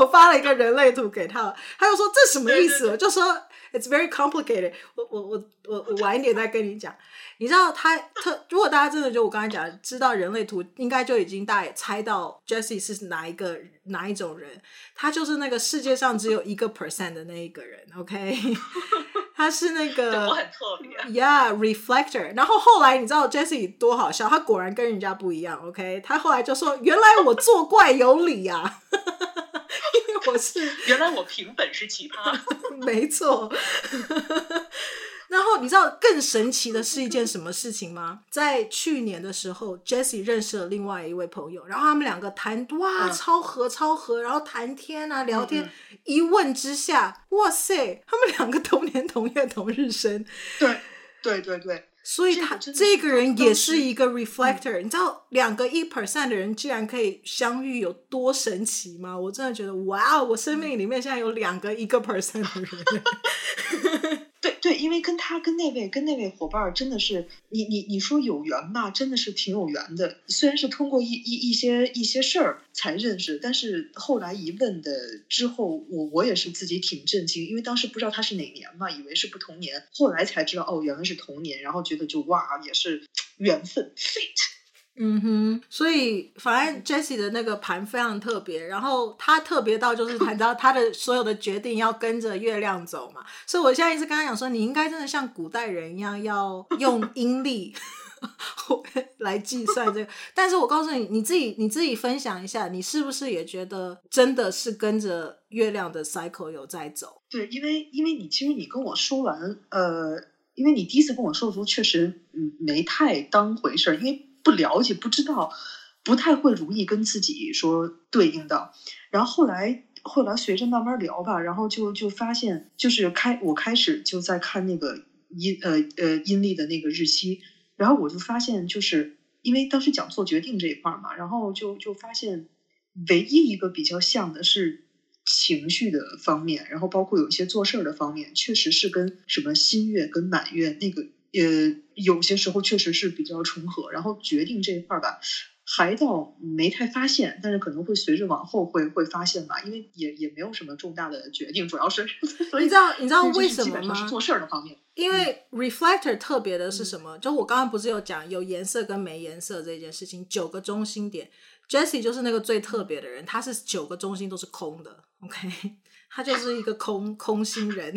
Speaker 2: 我發了一個人類圖給他了，他就說這什麼意思？對對對，就說
Speaker 1: it's very complicated 我。我我我我我晚一點再跟你講。你知道他他如果大家真的就我剛才講，知道人類圖應該就已經大家猜到 Jessie 是哪一個哪一種人，他就是那個世界上只有一個 percent 的那一個人。OK， [LAUGHS] 他是那個 [LAUGHS] 對，很聰明啊。Yeah，reflector。然後後來你知道 Jessie 多好笑，他果然跟人家不一樣。OK，他後來就說，原來我作怪有理呀啊。 [LAUGHS]
Speaker 2: [LAUGHS] 因為我是 [LAUGHS] 原來我憑本事奇葩， [LAUGHS]
Speaker 1: 沒錯。 [LAUGHS] 然後你知道更神奇的是一件什麼事情嗎？在去年的時候，Jesse 認識了另外一位朋友，然後他們兩個談哇、嗯、超合超合，然後談天啊聊天嗯嗯，一問之下，哇塞，他們兩個同年同月同日生。對
Speaker 2: 對對對。
Speaker 1: 所以他這個人也是一個 reflector，你知道兩個一 percent 的人竟然可以相遇有多神奇嗎？我真的覺得，哇，我生命裡面現在有兩個一個 percent 的人。 [LAUGHS] [LAUGHS]
Speaker 2: 因為跟他、跟那位、跟那位夥伴兒，真的是你、你、你說有緣吧，真的是挺有緣的。雖然是通過一、一、一些、一些事兒才認識，但是後來一問的之後，我、我也是自己挺震驚，因為當時不知道他是哪年嘛，以為是不同年，後來才知道哦，原來是同年，然後覺得就哇，也是緣分，fit。
Speaker 1: 嗯哼，所以反而 Jessie 的那個盤非常特別，然後他特別到就是談到他的所有的決定要跟着月亮走嘛，所以我現在一直跟他講說，你應該真的像古代人一樣，要用陰曆 [LAUGHS] 來計算這個。但是我告訴你，你自己，你自己分享一下，你是不是也覺得真的是跟着月亮的 cycle 有在走？對，
Speaker 2: 因為因為你其實你跟我說完，呃，因為你第一次跟我說的時候，確實嗯沒太當回事兒，因為。不了解，不知道，不太會容易跟自己說對應的。然後後來，後來隨着慢慢聊吧，然後就就發現，就是開我開始就在看那個陰呃呃陰曆的那個日期，然後我就發現，就是因為當時講做決定這一塊嘛，然後就就發現唯一一個比較像的是情緒的方面，然後包括有一些做事兒的方面，確實是跟什麼新月跟滿月那個呃。有些時候確實是比較重合，然後決定這一塊兒吧，還倒沒太發現，但是可能會隨着往後會會發現吧，因為也也沒有什麼重大的決定，主要是。所以你知道你知道為什麼嗎？做事兒的方面，
Speaker 1: 因為 reflector 特別的是什麼？嗯。就我剛剛不是有講有顏色跟沒顏色這件事情，九個中心點，Jessie 就是那個最特別的人，他是九個中心都是空的，OK，他就是一個空 [LAUGHS] 空心人。 [LAUGHS]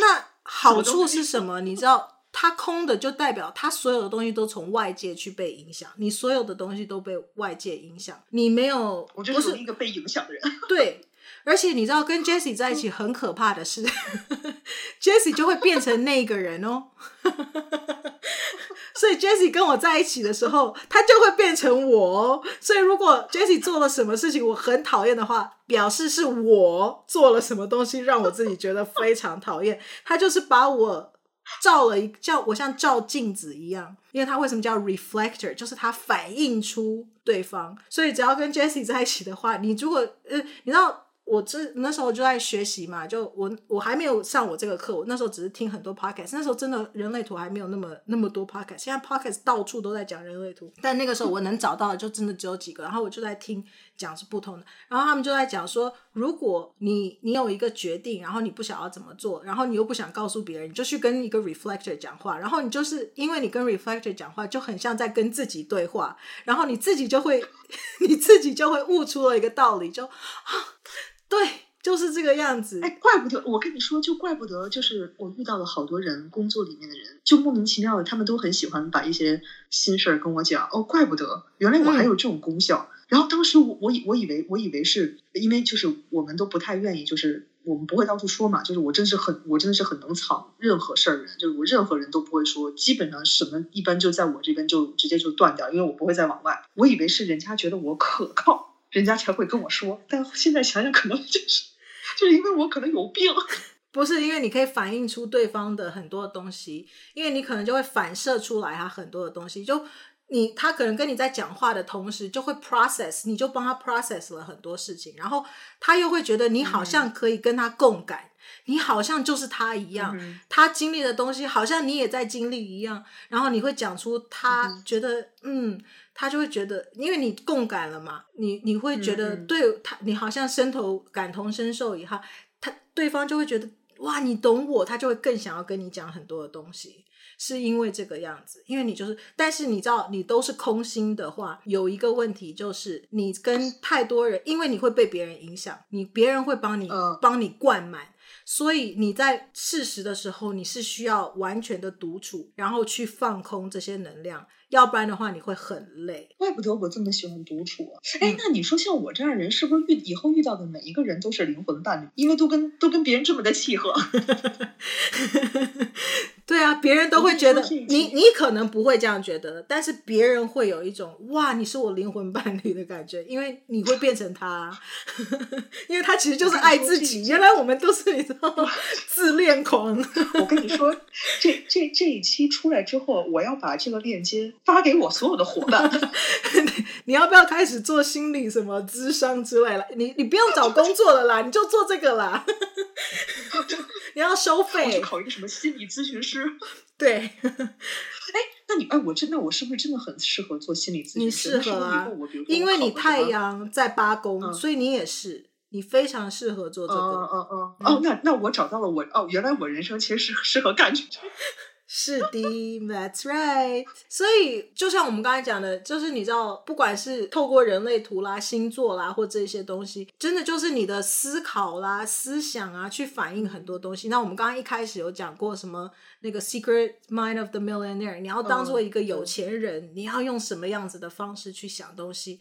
Speaker 1: 那好處是什麼？什麼你知道？他空的就代表他所有的東西都從外界去被影響，你所有的東西都被外界影響，你沒有，我就是我一個被影響的人。 [LAUGHS] 對，而且你知道跟 Jesse 在一起很可怕的是 [LAUGHS] ，Jesse 就會變成那個人哦。 [LAUGHS] 所以 Jesse 跟我在一起的時候，他就會變成我。所以如果 Jesse 做了什麼事情我很討厭的話，表示是我做了什麼東西讓我自己覺得非常討厭。他就是把我。照了一叫我像照鏡子一樣，因為它為什麼叫 reflector？就是它反映出對方，所以只要跟 Jesse 在一起的話，你如果呃、嗯，你知道。我之，那時候就在學習嘛，就我我還沒有上我這個課，我那時候只是聽很多 podcast。那時候真的，人類圖還沒有那麼那麼多 podcast。現在 podcast 到處都在講人類圖，但那個時候我能找到的就真的只有幾個。然後我就在聽講是不同的，然後他們就在講說，如果你你有一個決定，然後你不想要怎麼做，然後你又不想告訴別人，你就去跟一個 reflector 講話，然後你就是因為你跟 reflector 講話，就很像在跟自己對話，然後你自己就會你自己就
Speaker 2: 會悟出了一個道理，就啊。對，就是這個樣子。哎，怪不得，我跟你說，就怪不得，就是我遇到了好多人，工作裡面的人，就莫名其妙的，他們都很喜歡把一些心事兒跟我講。哦，怪不得，原來我還有這種功效。嗯。然後當時我我以我以為我以為是因為就是我們都不太願意，就是我們不會到處說嘛，就是我真是很我真的是很能藏任何事兒的人，就是我任何人都不會說，基本上什麼一般就在我這邊就直接就斷掉，因為我不會再往外。我以為是人家覺得我可靠。人家才會跟我說，但現在想想，可能就是就是因為我可能有病，
Speaker 1: 不是因為你可以反映出對方的很多東西，因為你可能就會反射出來他很多的東西，就你他可能跟你在講話的同時就會 process，你就幫他 process 了很多事情，然後他又會覺得你好像可以跟他共感。嗯.你好像就是他一樣，嗯、他經歷的東西好像你也在經歷一樣，然後你會講出他覺得嗯，嗯，他就會覺得，因為你共感了嘛，你你會覺得對、嗯、他，你好像身頭感同身受一下他對方就會覺得哇，你懂我，他就會更想要跟你講很多的東西，是因為這個樣子，因為你就是，但是你知道，你都是空心的話，有一個問題就是，你跟太多人，因為你會被別人影響，你別人會幫你、呃、幫你灌滿。所以你在適時的時候，你是需要完全的獨處，然後去放空
Speaker 2: 這些能量，要不然的話你會很累。怪不得我這麼喜歡獨處啊。哎、嗯，那你說像我這樣人，是不是遇以後遇到的每一個人都是靈魂伴侶？因為都跟都跟別人這麼的契合。 [LAUGHS] [LAUGHS] 對啊，別人都會覺得你，你，你，你，你可能
Speaker 1: 不會這樣覺得，但是別人會有一種哇，你是我靈魂伴侶的感覺，因為你會變成他、啊， [LAUGHS] 因為他其實就是愛自己。原來我們都是一個
Speaker 2: 自戀狂。我跟你說，這這這一期出來之後，我要把這個鏈接發給我所有的夥伴， [LAUGHS] 你要不要開始做心理什
Speaker 1: 麼諮商之外了，你你不用找工作了啦，就你就做這個啦。 [LAUGHS]
Speaker 2: 你要收費？考一個什麼心理諮詢師？對。哎， [LAUGHS] 那你哎，我真的，我是不是真的很適合做心理諮詢師？你適合啊，我，
Speaker 1: 我，我因為你太陽在八宮、嗯，所以你也是，你非常適合做這個。嗯嗯，嗯哦，那
Speaker 2: 那我找到了我哦，原來我人生其實適適合幹這個。 [LAUGHS]
Speaker 1: 是的 [LAUGHS] ，That's right。所以就像我們剛才講的，就是你知道，不管是透過人類圖啦、星座啦，或這些東西，真的就是你的思考啦、思想啊，去反映很多東西。那我們剛剛一開始有講過什麼那個 Secret Mind of the Millionaire，你要當做一個有錢人、嗯，你要用什麼樣子的方式去想東西。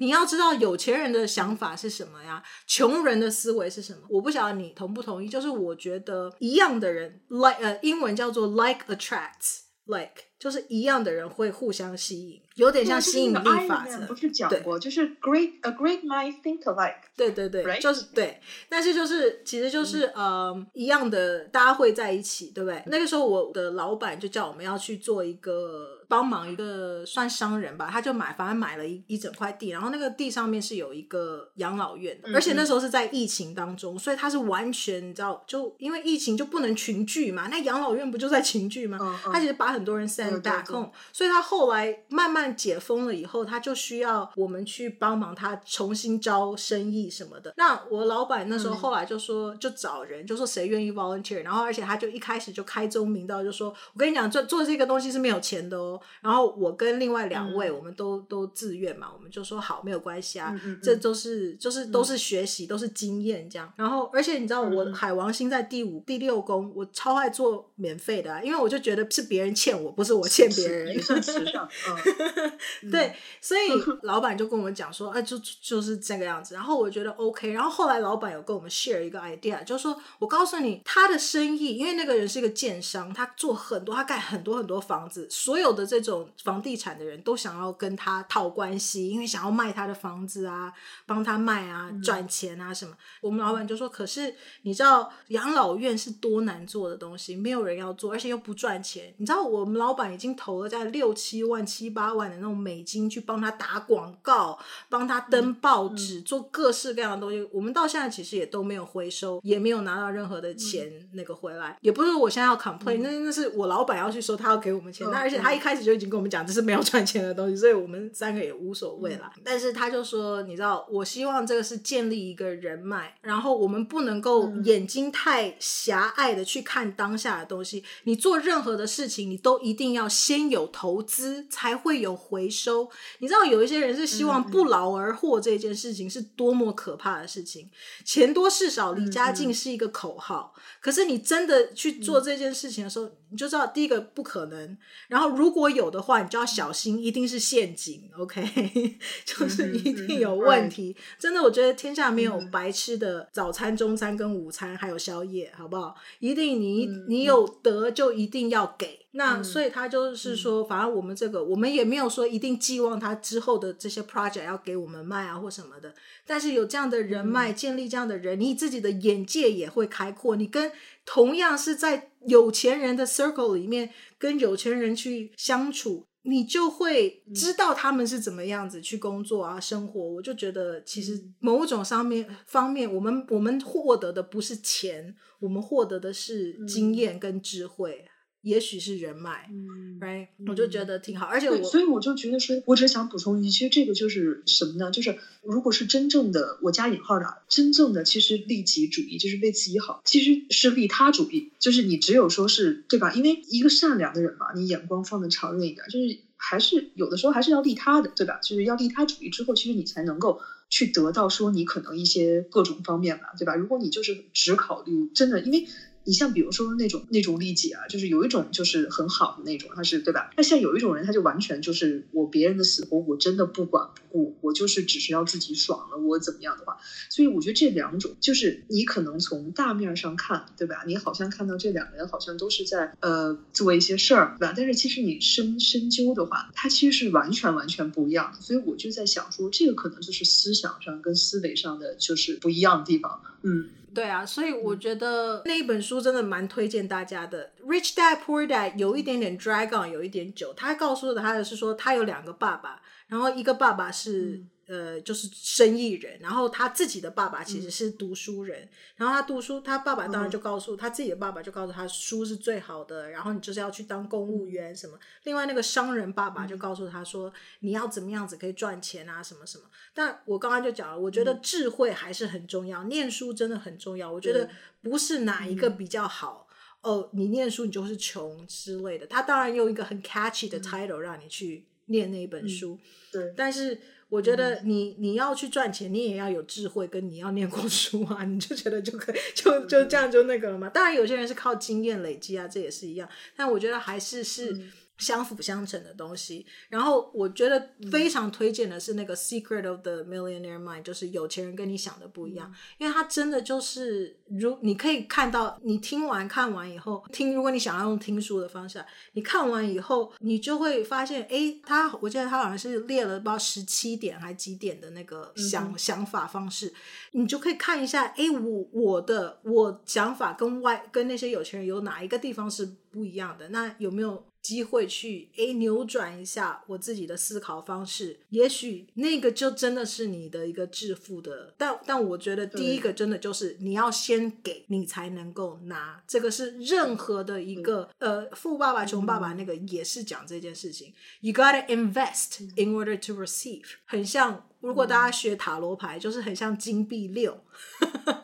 Speaker 1: 你要知道有錢人的想法是什麼呀？窮人的思維是什麼？我不曉得你同不同意。就是我覺得一樣的人，like，呃，英文叫做 like attracts like。就是一樣的人會互相吸引，有點像吸引力法則、嗯，就是。不是講
Speaker 2: 過，就是 great
Speaker 1: a great mind think alike。對對對，right? 就是對。但是就是其實就是呃、嗯 um, 一樣的，大家會在一起，對不對？那個時候我的老板就叫我們要去做一個幫忙一個算商人吧，他就買，反正買了一一整塊地，然後那個地上面是有一個養老院的、嗯，而且那時候是在疫情當中，所以他是完全你知道，就因為疫情就不能群聚嘛，那養老院不就在群聚嗎？嗯嗯，他其實把很多人散。打、嗯、控、嗯，所以他後來慢慢解封了以後，他就需要我們去幫忙他重新招生意什麼的。那我老闆那時候後來就說，嗯、就說，就找人，就說誰願意 volunteer，然後而且他就一開始就開宗明道，就說：“我跟你講，做做這個東西是沒有錢的哦。”然後我跟另外兩位，嗯、我們都都自願嘛，我們就說好，沒有關係啊，嗯嗯嗯這都是就是都是學習、嗯，都是經驗這樣。然後而且你知道，我海王星在第五第六宮，我超愛做免費的、啊，因為我就覺得是別人欠我，不是我。是是我欠別人時尚， [LAUGHS] 對，所以老闆就跟我們講說，啊，就就是這個樣子。然後我覺得 OK。然後後來老闆有跟我們 share 一個 idea，就是說我告訴你他的生意，因為那個人是一個建商，他做很多，他蓋很多很多房子，所有的這種房地產的人都想要跟他套關係，因為想要賣他的房子啊，幫他賣啊，賺錢啊什麼。我們老闆就說，可是你知道養老院是多難做的東西，沒有人要做，而且又不賺錢。你知道我們老闆，已經投了在六七萬七八萬的那種美金去幫他打廣告，幫他登報紙，嗯嗯、做各式各樣的東西、嗯。我們到現在其實也都沒有回收，也沒有拿到任何的錢那個回來。嗯、也不是我現在要 complain，那、嗯、那是我老板要去說他要給我們錢、嗯。那而且他一開始就已經跟我們講這是沒有賺錢的東西，嗯、所以我們三個也無所謂了、嗯。但是他就說，你知道，我希望這個是建立一個人脈，然後我們不能夠眼睛太狹隘的去看當下的東西。嗯、你做任何的事情，你都一定要。要先有投資，才會有回收。你知道，有一些人是希望不勞而獲，這件事情是多麼可怕的事情。嗯嗯。錢多事少離家近是一個口號，嗯嗯，可是你真的去做這件事情的時候，嗯、你就知道第一個不可能。然後，如果有的話，你就要小心，一定是陷阱。OK， [LAUGHS] 就是一定有問題。嗯嗯嗯嗯，真的，我覺得天下沒有白吃的早餐、中餐跟午餐，還有宵夜，好不好？一定你，嗯嗯，你你有得就一定要給。那、嗯、所以他就是說，嗯、反而我們這個，我們也沒有說一定寄望他之後的這些 project 要給我們賣啊或什麼的。但是有這樣的人脈、嗯，建立這樣的人，你自己的眼界也會開闊。你跟同樣是在有錢人的 circle 裡面跟有錢人去相處，你就會知道他們是怎麼樣子去工作啊、嗯、生活。我就覺得，其實某種上面、嗯、方面，我們我們獲得的不是錢，我們獲得的是經驗跟智慧。也許是人脈嗯，right？嗯。我就覺得挺好，而且我所以我
Speaker 2: 就覺得說，我只想補充一句，其實這個就是什麼呢？就是如果是真正的，我加引號的、啊、真正的，其實利己主義就是為自己好，其實是利他主義，就是你只有說是對吧？因為一個善良的人嘛，你眼光放的長遠一點，就是還是有的時候還是要利他的，對吧？就是要利他主義之後，其實你才能夠去得到說你可能一些各種方面嘛，對吧？如果你就是只考慮真的，因為。你像比如說那種那種利己啊，就是有一種就是很好的那種，他是對吧？那像有一種人，他就完全就是我別人的死活我，我真的不管不顧，我就是只是要自己爽了，我怎麼樣的話，所以我覺得這兩種就是你可能從大面上看，對吧？你好像看到這兩個人好像都是在呃做一些事兒，對吧？但是其實你深深究的話，他其實是完全完全不一樣的。所以我就在想說，這個可能就是思想上跟思維上的就是不一樣的地方，嗯。
Speaker 1: 對啊，所以我覺得、嗯、那一本書真的蠻推薦大家的，《Rich Dad Poor Dad》有一點點 drag on，有一點久。他告訴的他的是說，他有兩個爸爸，然後一個爸爸是。嗯呃，就是生意人，然後他自己的爸爸其實是讀書人，嗯、然後他讀書，他爸爸當然就告訴、嗯、他自己的爸爸就告訴他，書是最好的，然後你就是要去當公務員什麼。嗯、另外，那個商人爸爸就告訴他說、嗯，你要怎麼樣子可以賺錢啊，什麼什麼。但我剛剛就講了，我覺得智慧還是很重要，嗯、念書真的很重要。我覺得不是哪一個比較好、嗯、哦，你念書你就是窮之類的。他當然用一個很 catchy 的 title、嗯、讓你去念那一本書，對、嗯，但是。嗯我覺得你、嗯、你，你要去賺錢，你也要有智慧，跟你要念過書啊，你就覺得就可以，就就這樣就那個了嘛、嗯。當然，有些人是靠經驗累積啊，這也是一樣。但我覺得還是是。嗯相輔相成的東西。然後我覺得非常推薦的是那個《Secrets of the Millionaire Mind》，就是有錢人跟你想的不一樣。嗯、因為他真的就是，如你可以看到，你聽完、看完以後聽，如果你想要用聽書的方式，你看完以後，你就會發現，哎，他我記得他好像是列了不知道十七點還幾點的那個想、嗯、想法方式，你就可以看一下，哎，我我的我想法跟外跟那些有錢人有哪一個地方是不一樣的？那有沒有？機會去誒扭轉一下我自己的思考方式，也許那個就真的是你的一個致富的。但但我覺得第一個真的就是你要先給你才能夠拿，這個是任何的一個、嗯、呃富爸爸窮爸爸那個也是講這件事情。嗯、You gotta invest in order to receive，、嗯、很像如果大家學塔羅牌，就是很像金幣六，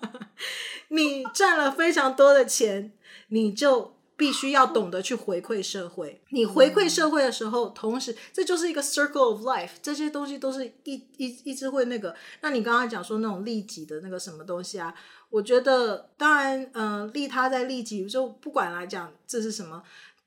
Speaker 1: [LAUGHS] 你賺了非常多的錢，你就。必須要懂得去回饋社會。你回饋社會的時候，嗯、同時這就是一個 circle of life，這些東西都是一一一直會那個。那你剛剛講說那種利己的那個什麼東西啊？我覺得當然，嗯、呃，利他在利己，就不管來講這是什麼。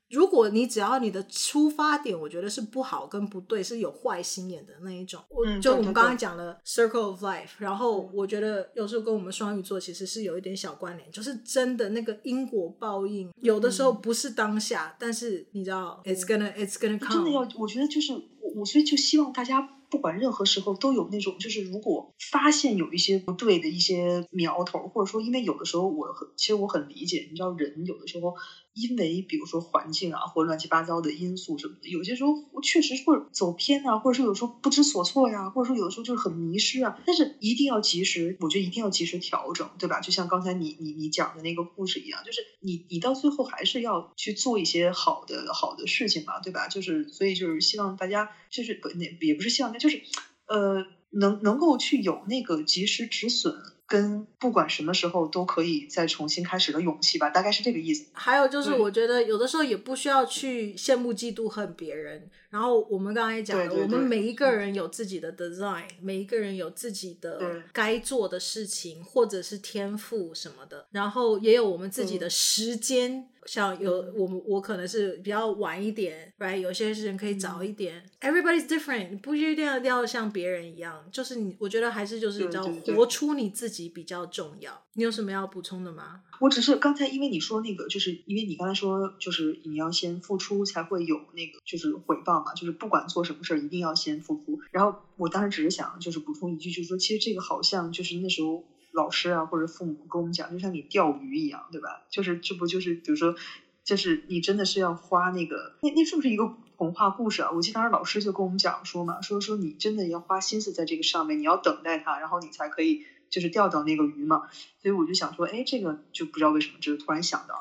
Speaker 1: 如果你只要你的出發點，我覺得是不好跟不對，是有壞心眼的那一種。嗯，就我們剛剛講了 circle of life，、嗯、然後我覺得有時候跟我們雙魚座其實是有一點小關聯，就是真的那個因果報應，有的時候不是當下，嗯、但是你知道、嗯、，it's gonna it's gonna come。真的
Speaker 2: 要，我覺得就是我，我所以就希望大家不管任何時候都有那種，就是如果發現有一些不對的一些苗頭，或者說因為有的時候我很，其實我很理解，你知道人有的時候。因為比如說環境啊，或亂七八糟的因素什麼的，有些時候確實會走偏吶、啊，或者說有時候不知所措呀、啊，或者說有的時候就是很迷失啊。但是一定要及時，我覺得一定要及時調整，對吧？就像剛才你你你講的那個故事一樣，就是你你到最後還是要去做一些好的好的事情嘛，對吧？就是所以就是希望大家就是不那也不是希望大家就是，呃，能能夠去有那個及時止損。跟不管什麼時候都可以再重新開始的勇氣吧，大概是這個意思。
Speaker 1: 還有就是，我覺得有的時候也不需要去羨慕嫉妒恨別人。然後我們剛才也講了，我們每一個人有自己的 design，對對對，每一個人有自己的該做的事情，或者是天賦什麼的。然後也有我們自己的時間，嗯、像有、嗯、我們我可能是比較晚一點，right？有些人可以早一點。嗯、Everybody's different，不一定要一定要像別人一樣。就是你，我覺得還是就是比較活出你自己比較重要。你有什麼要補充的嗎？
Speaker 2: 我只是剛才，因為你說那個，就是因為你剛才說，就是你要先付出才會有那個，就是回報嘛啊，就是不管做什麼事兒，一定要先付出。然後我當時只是想，就是補充一句，就是說，其實這個好像就是那時候老師啊或者父母跟我們講，就像你釣魚一樣，對吧？就是這不就是，比如說，就是你真的是要花那個，那那是不是一個童話故事啊？我記得當時老師就跟我們講說嘛，說說你真的要花心思在這個上面，你要等待它，然後你才可以。就是釣到那個魚嘛，所以我就想說，哎，這個就不知道為什麼，就是突然想到，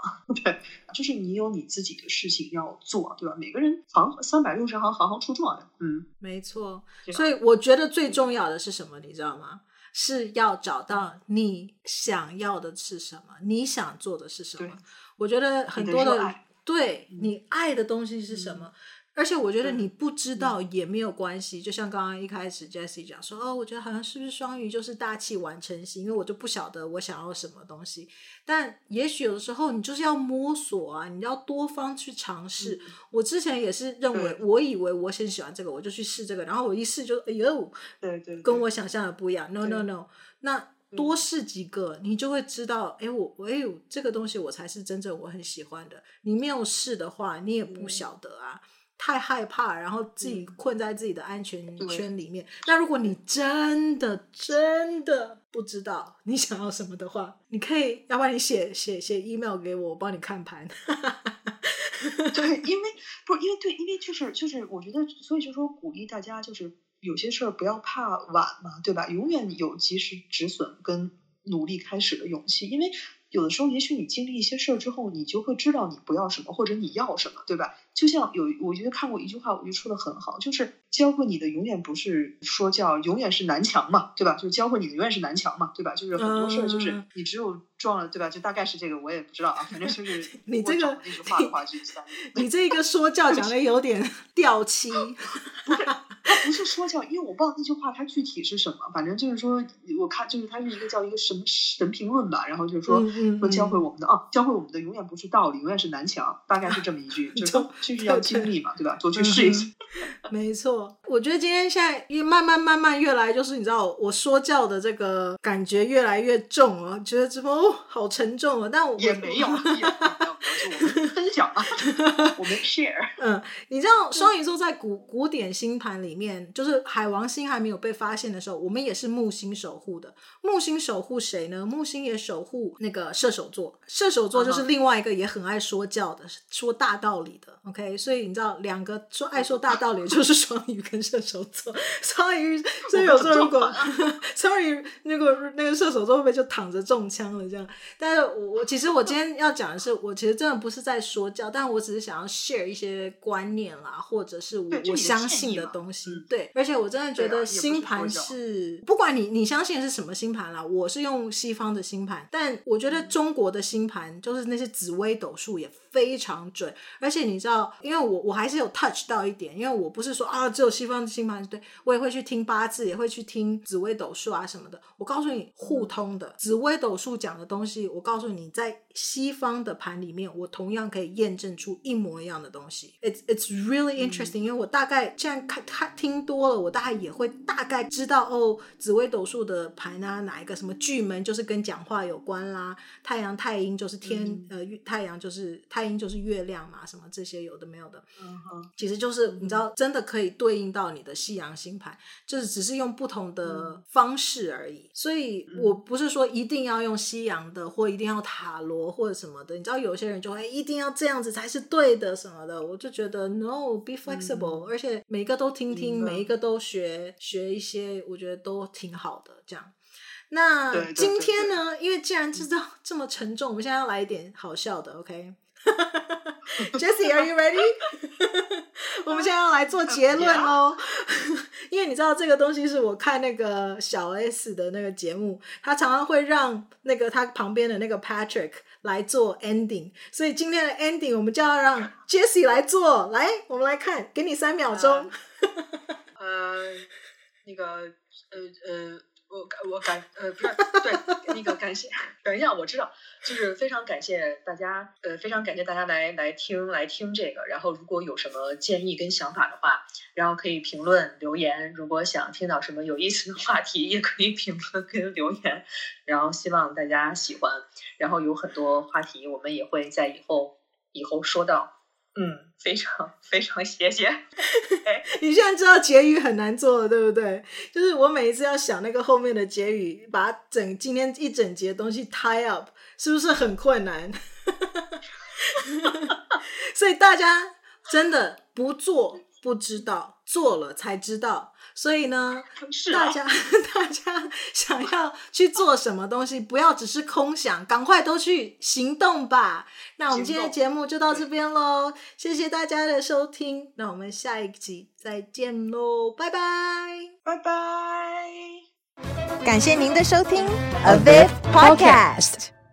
Speaker 2: 對，就是你有你自己的事情要做，對吧？每個人行三百
Speaker 1: 六十行，行行出狀元，嗯，沒錯。所以我覺得最重要的是什麼，你知道嗎？是要找到你想要的是什麼，你想做的是什麼。我覺得很多的，你的愛對你愛的東西是什麼。嗯而且我覺得你不知道也沒有關係，就像剛剛一開始 Jessie 講說，哦，我覺得好像是不是雙魚就是大器晚成型，因為我就不曉得我想要什麼東西。但也許有的時候你就是要摸索啊，你要多方去嘗試。嗯、我之前也是認為，我以為我先喜歡這個，我就去試這個，然後我一試就哎呦，對對、對，跟我想象的不一樣。No No No，那多試幾個。嗯，你就會知道，哎，我哎呦這個東西我才是真正我很喜歡的。你沒有試的話，你也不曉得啊。嗯太害怕，然後自己困在自己的安全圈裡面。嗯，那如果你真的真的不知道你想要什麼的話，你可以，要不然你寫寫寫 email
Speaker 2: 給我，我幫你看盤。 [LAUGHS] 對，因為不是因為對，因為就是就是，我覺得所以就說鼓勵大家，就是有些事兒不要怕晚嘛，對吧？永遠有及時止損跟努力開始的勇氣，因為。有的時候，也許你經歷一些事兒之後，你就會知道你不要什麼，或者你要什麼，對吧？就像有，我覺得看過一句話，我就說的很好，就是教會你的永遠不是說教，永遠是南牆嘛，對吧？就教會你的永遠是南牆嘛，對吧？就是很多事兒，就是你只有撞了、嗯，對吧？就大概是這個，我也不知道啊，反正就是了句話的話 [LAUGHS] 你這個就 [LAUGHS] 你，你這個說教講的有點掉漆。 [LAUGHS] 不是他 [LAUGHS] 不是說教，因為我忘了那句話，他具體是什麼。反正就是說，我看就是他是一個叫一個什麼神評論吧，然後就是說嗯嗯嗯說教會我們的哦、啊，教會我們的永遠不是道理，永遠是南牆，大概是這麼一句，啊、就,就是就是要經歷嘛對對，對吧？多去試一下。嗯、 [LAUGHS] 沒錯，
Speaker 1: 我覺得今天現在越慢慢慢慢越來，就是你知道我說教的這個感覺越來越重了、啊，覺得直播，哦，好沉重啊？但我也沒有，沒有。啊， [LAUGHS] 我們 share 嗯，你知道雙魚座在古古典星盤裡面，嗯，就是海王星還沒有被發現的時候，我們也是木星守護的。木星守護誰呢？木星也守護那個射手座。射手座就是另外一個也很愛說教的，Uh-huh. 說大道理的。OK，所以你知道兩個說愛說大道理就是雙魚跟射手座。雙 [LAUGHS] 魚，所以有時候如果雙魚，啊、 [LAUGHS] 那個那個射手座會不會就躺着中槍了這樣。但是我我其實我今天要講的是，我其實真的不是在說說教，但我只是想要 share 一些觀念啦，或者是我我相信的東西。對，而且我真的覺得星盤是，啊、不，不管你你相信是什麼星盤啦，我是用西方的星盤，但我覺得中國的星盤，就是那些紫微斗數也。非常準，而且你知道，因為我我還是有 touch 到一點，因為我不是說啊，只有西方的星盤對，我也會去聽八字，也會去聽紫微斗數啊什麼的。我告訴你，互通的紫微斗數講的東西，我告訴你，在西方的盤裡面，我同樣可以驗證出一模一樣的東西。It's it's really interesting，、嗯、因為我大概既然看，看，看，聽多了，我大概也會大概知道哦，紫微斗數的盤呢、啊，哪一個什麼巨門就是跟講話有關啦、啊，太陽太陰就是天、嗯、呃太陽就是太。就是月亮嘛，什麼這些有的沒有的，
Speaker 2: 嗯、
Speaker 1: 其實就是你知道，真的可以對應到你的西洋星盤，就是只是用不同的方式而已。嗯、所以我不是說一定要用西洋的，或一定要塔羅或者什麼的。你知道，有些人就會、哎、一定要這樣子才是對的什麼的，我就覺得 no，be flexible、嗯。而且每個都聽聽、嗯，每一個都學學一些，我覺得都挺好的。這樣。那對對對對，今天呢，因為既然知道這麼沉重，嗯、我們現在要來一點好笑的，OK？ [LAUGHS] Jesse, are you ready？ [LAUGHS] 我們現在要來做結論哦， [LAUGHS] 因為你知道這個東西是我看那個小 S 的那個節目，他常常會讓那個他旁邊的那個 Patrick 來做 ending，所以今天的 ending 我們就要讓 Jesse 來做，來，我們來看，給你三
Speaker 2: 秒鐘。呃、 [LAUGHS] uh,，uh, 那個，呃呃。我我感，我感呃，不是，對那個感謝，等一下我知道，就是非常感謝大家呃，非常感謝大家來來聽來聽這個，然後如果有什麼建議跟想法的話，然後可以評論留言，如果想聽到什麼有意思的話題也可以評論跟留言，然後希望大家喜歡，然後有很多話題我們也會在以後以後說到。嗯，非常非常謝謝。
Speaker 1: Okay. [LAUGHS] 你現在知道結語很難做了，對不對？就是我每一次要想那個後面的結語，把整今天一整節的東西 tie up，是不是很困難？ [LAUGHS] [LAUGHS] [LAUGHS] 所以大家真的不做 [LAUGHS] 不知道，做了才知道。所以呢，啊、大家大家想要去做什麼東西，不要只是空想，趕快都去行動吧。那我們今天的節目就到這邊嘍，謝謝大家的收聽，那我們下一集再見嘍，拜拜拜拜，感謝您的收聽，avivPodcast。 [MUSIC]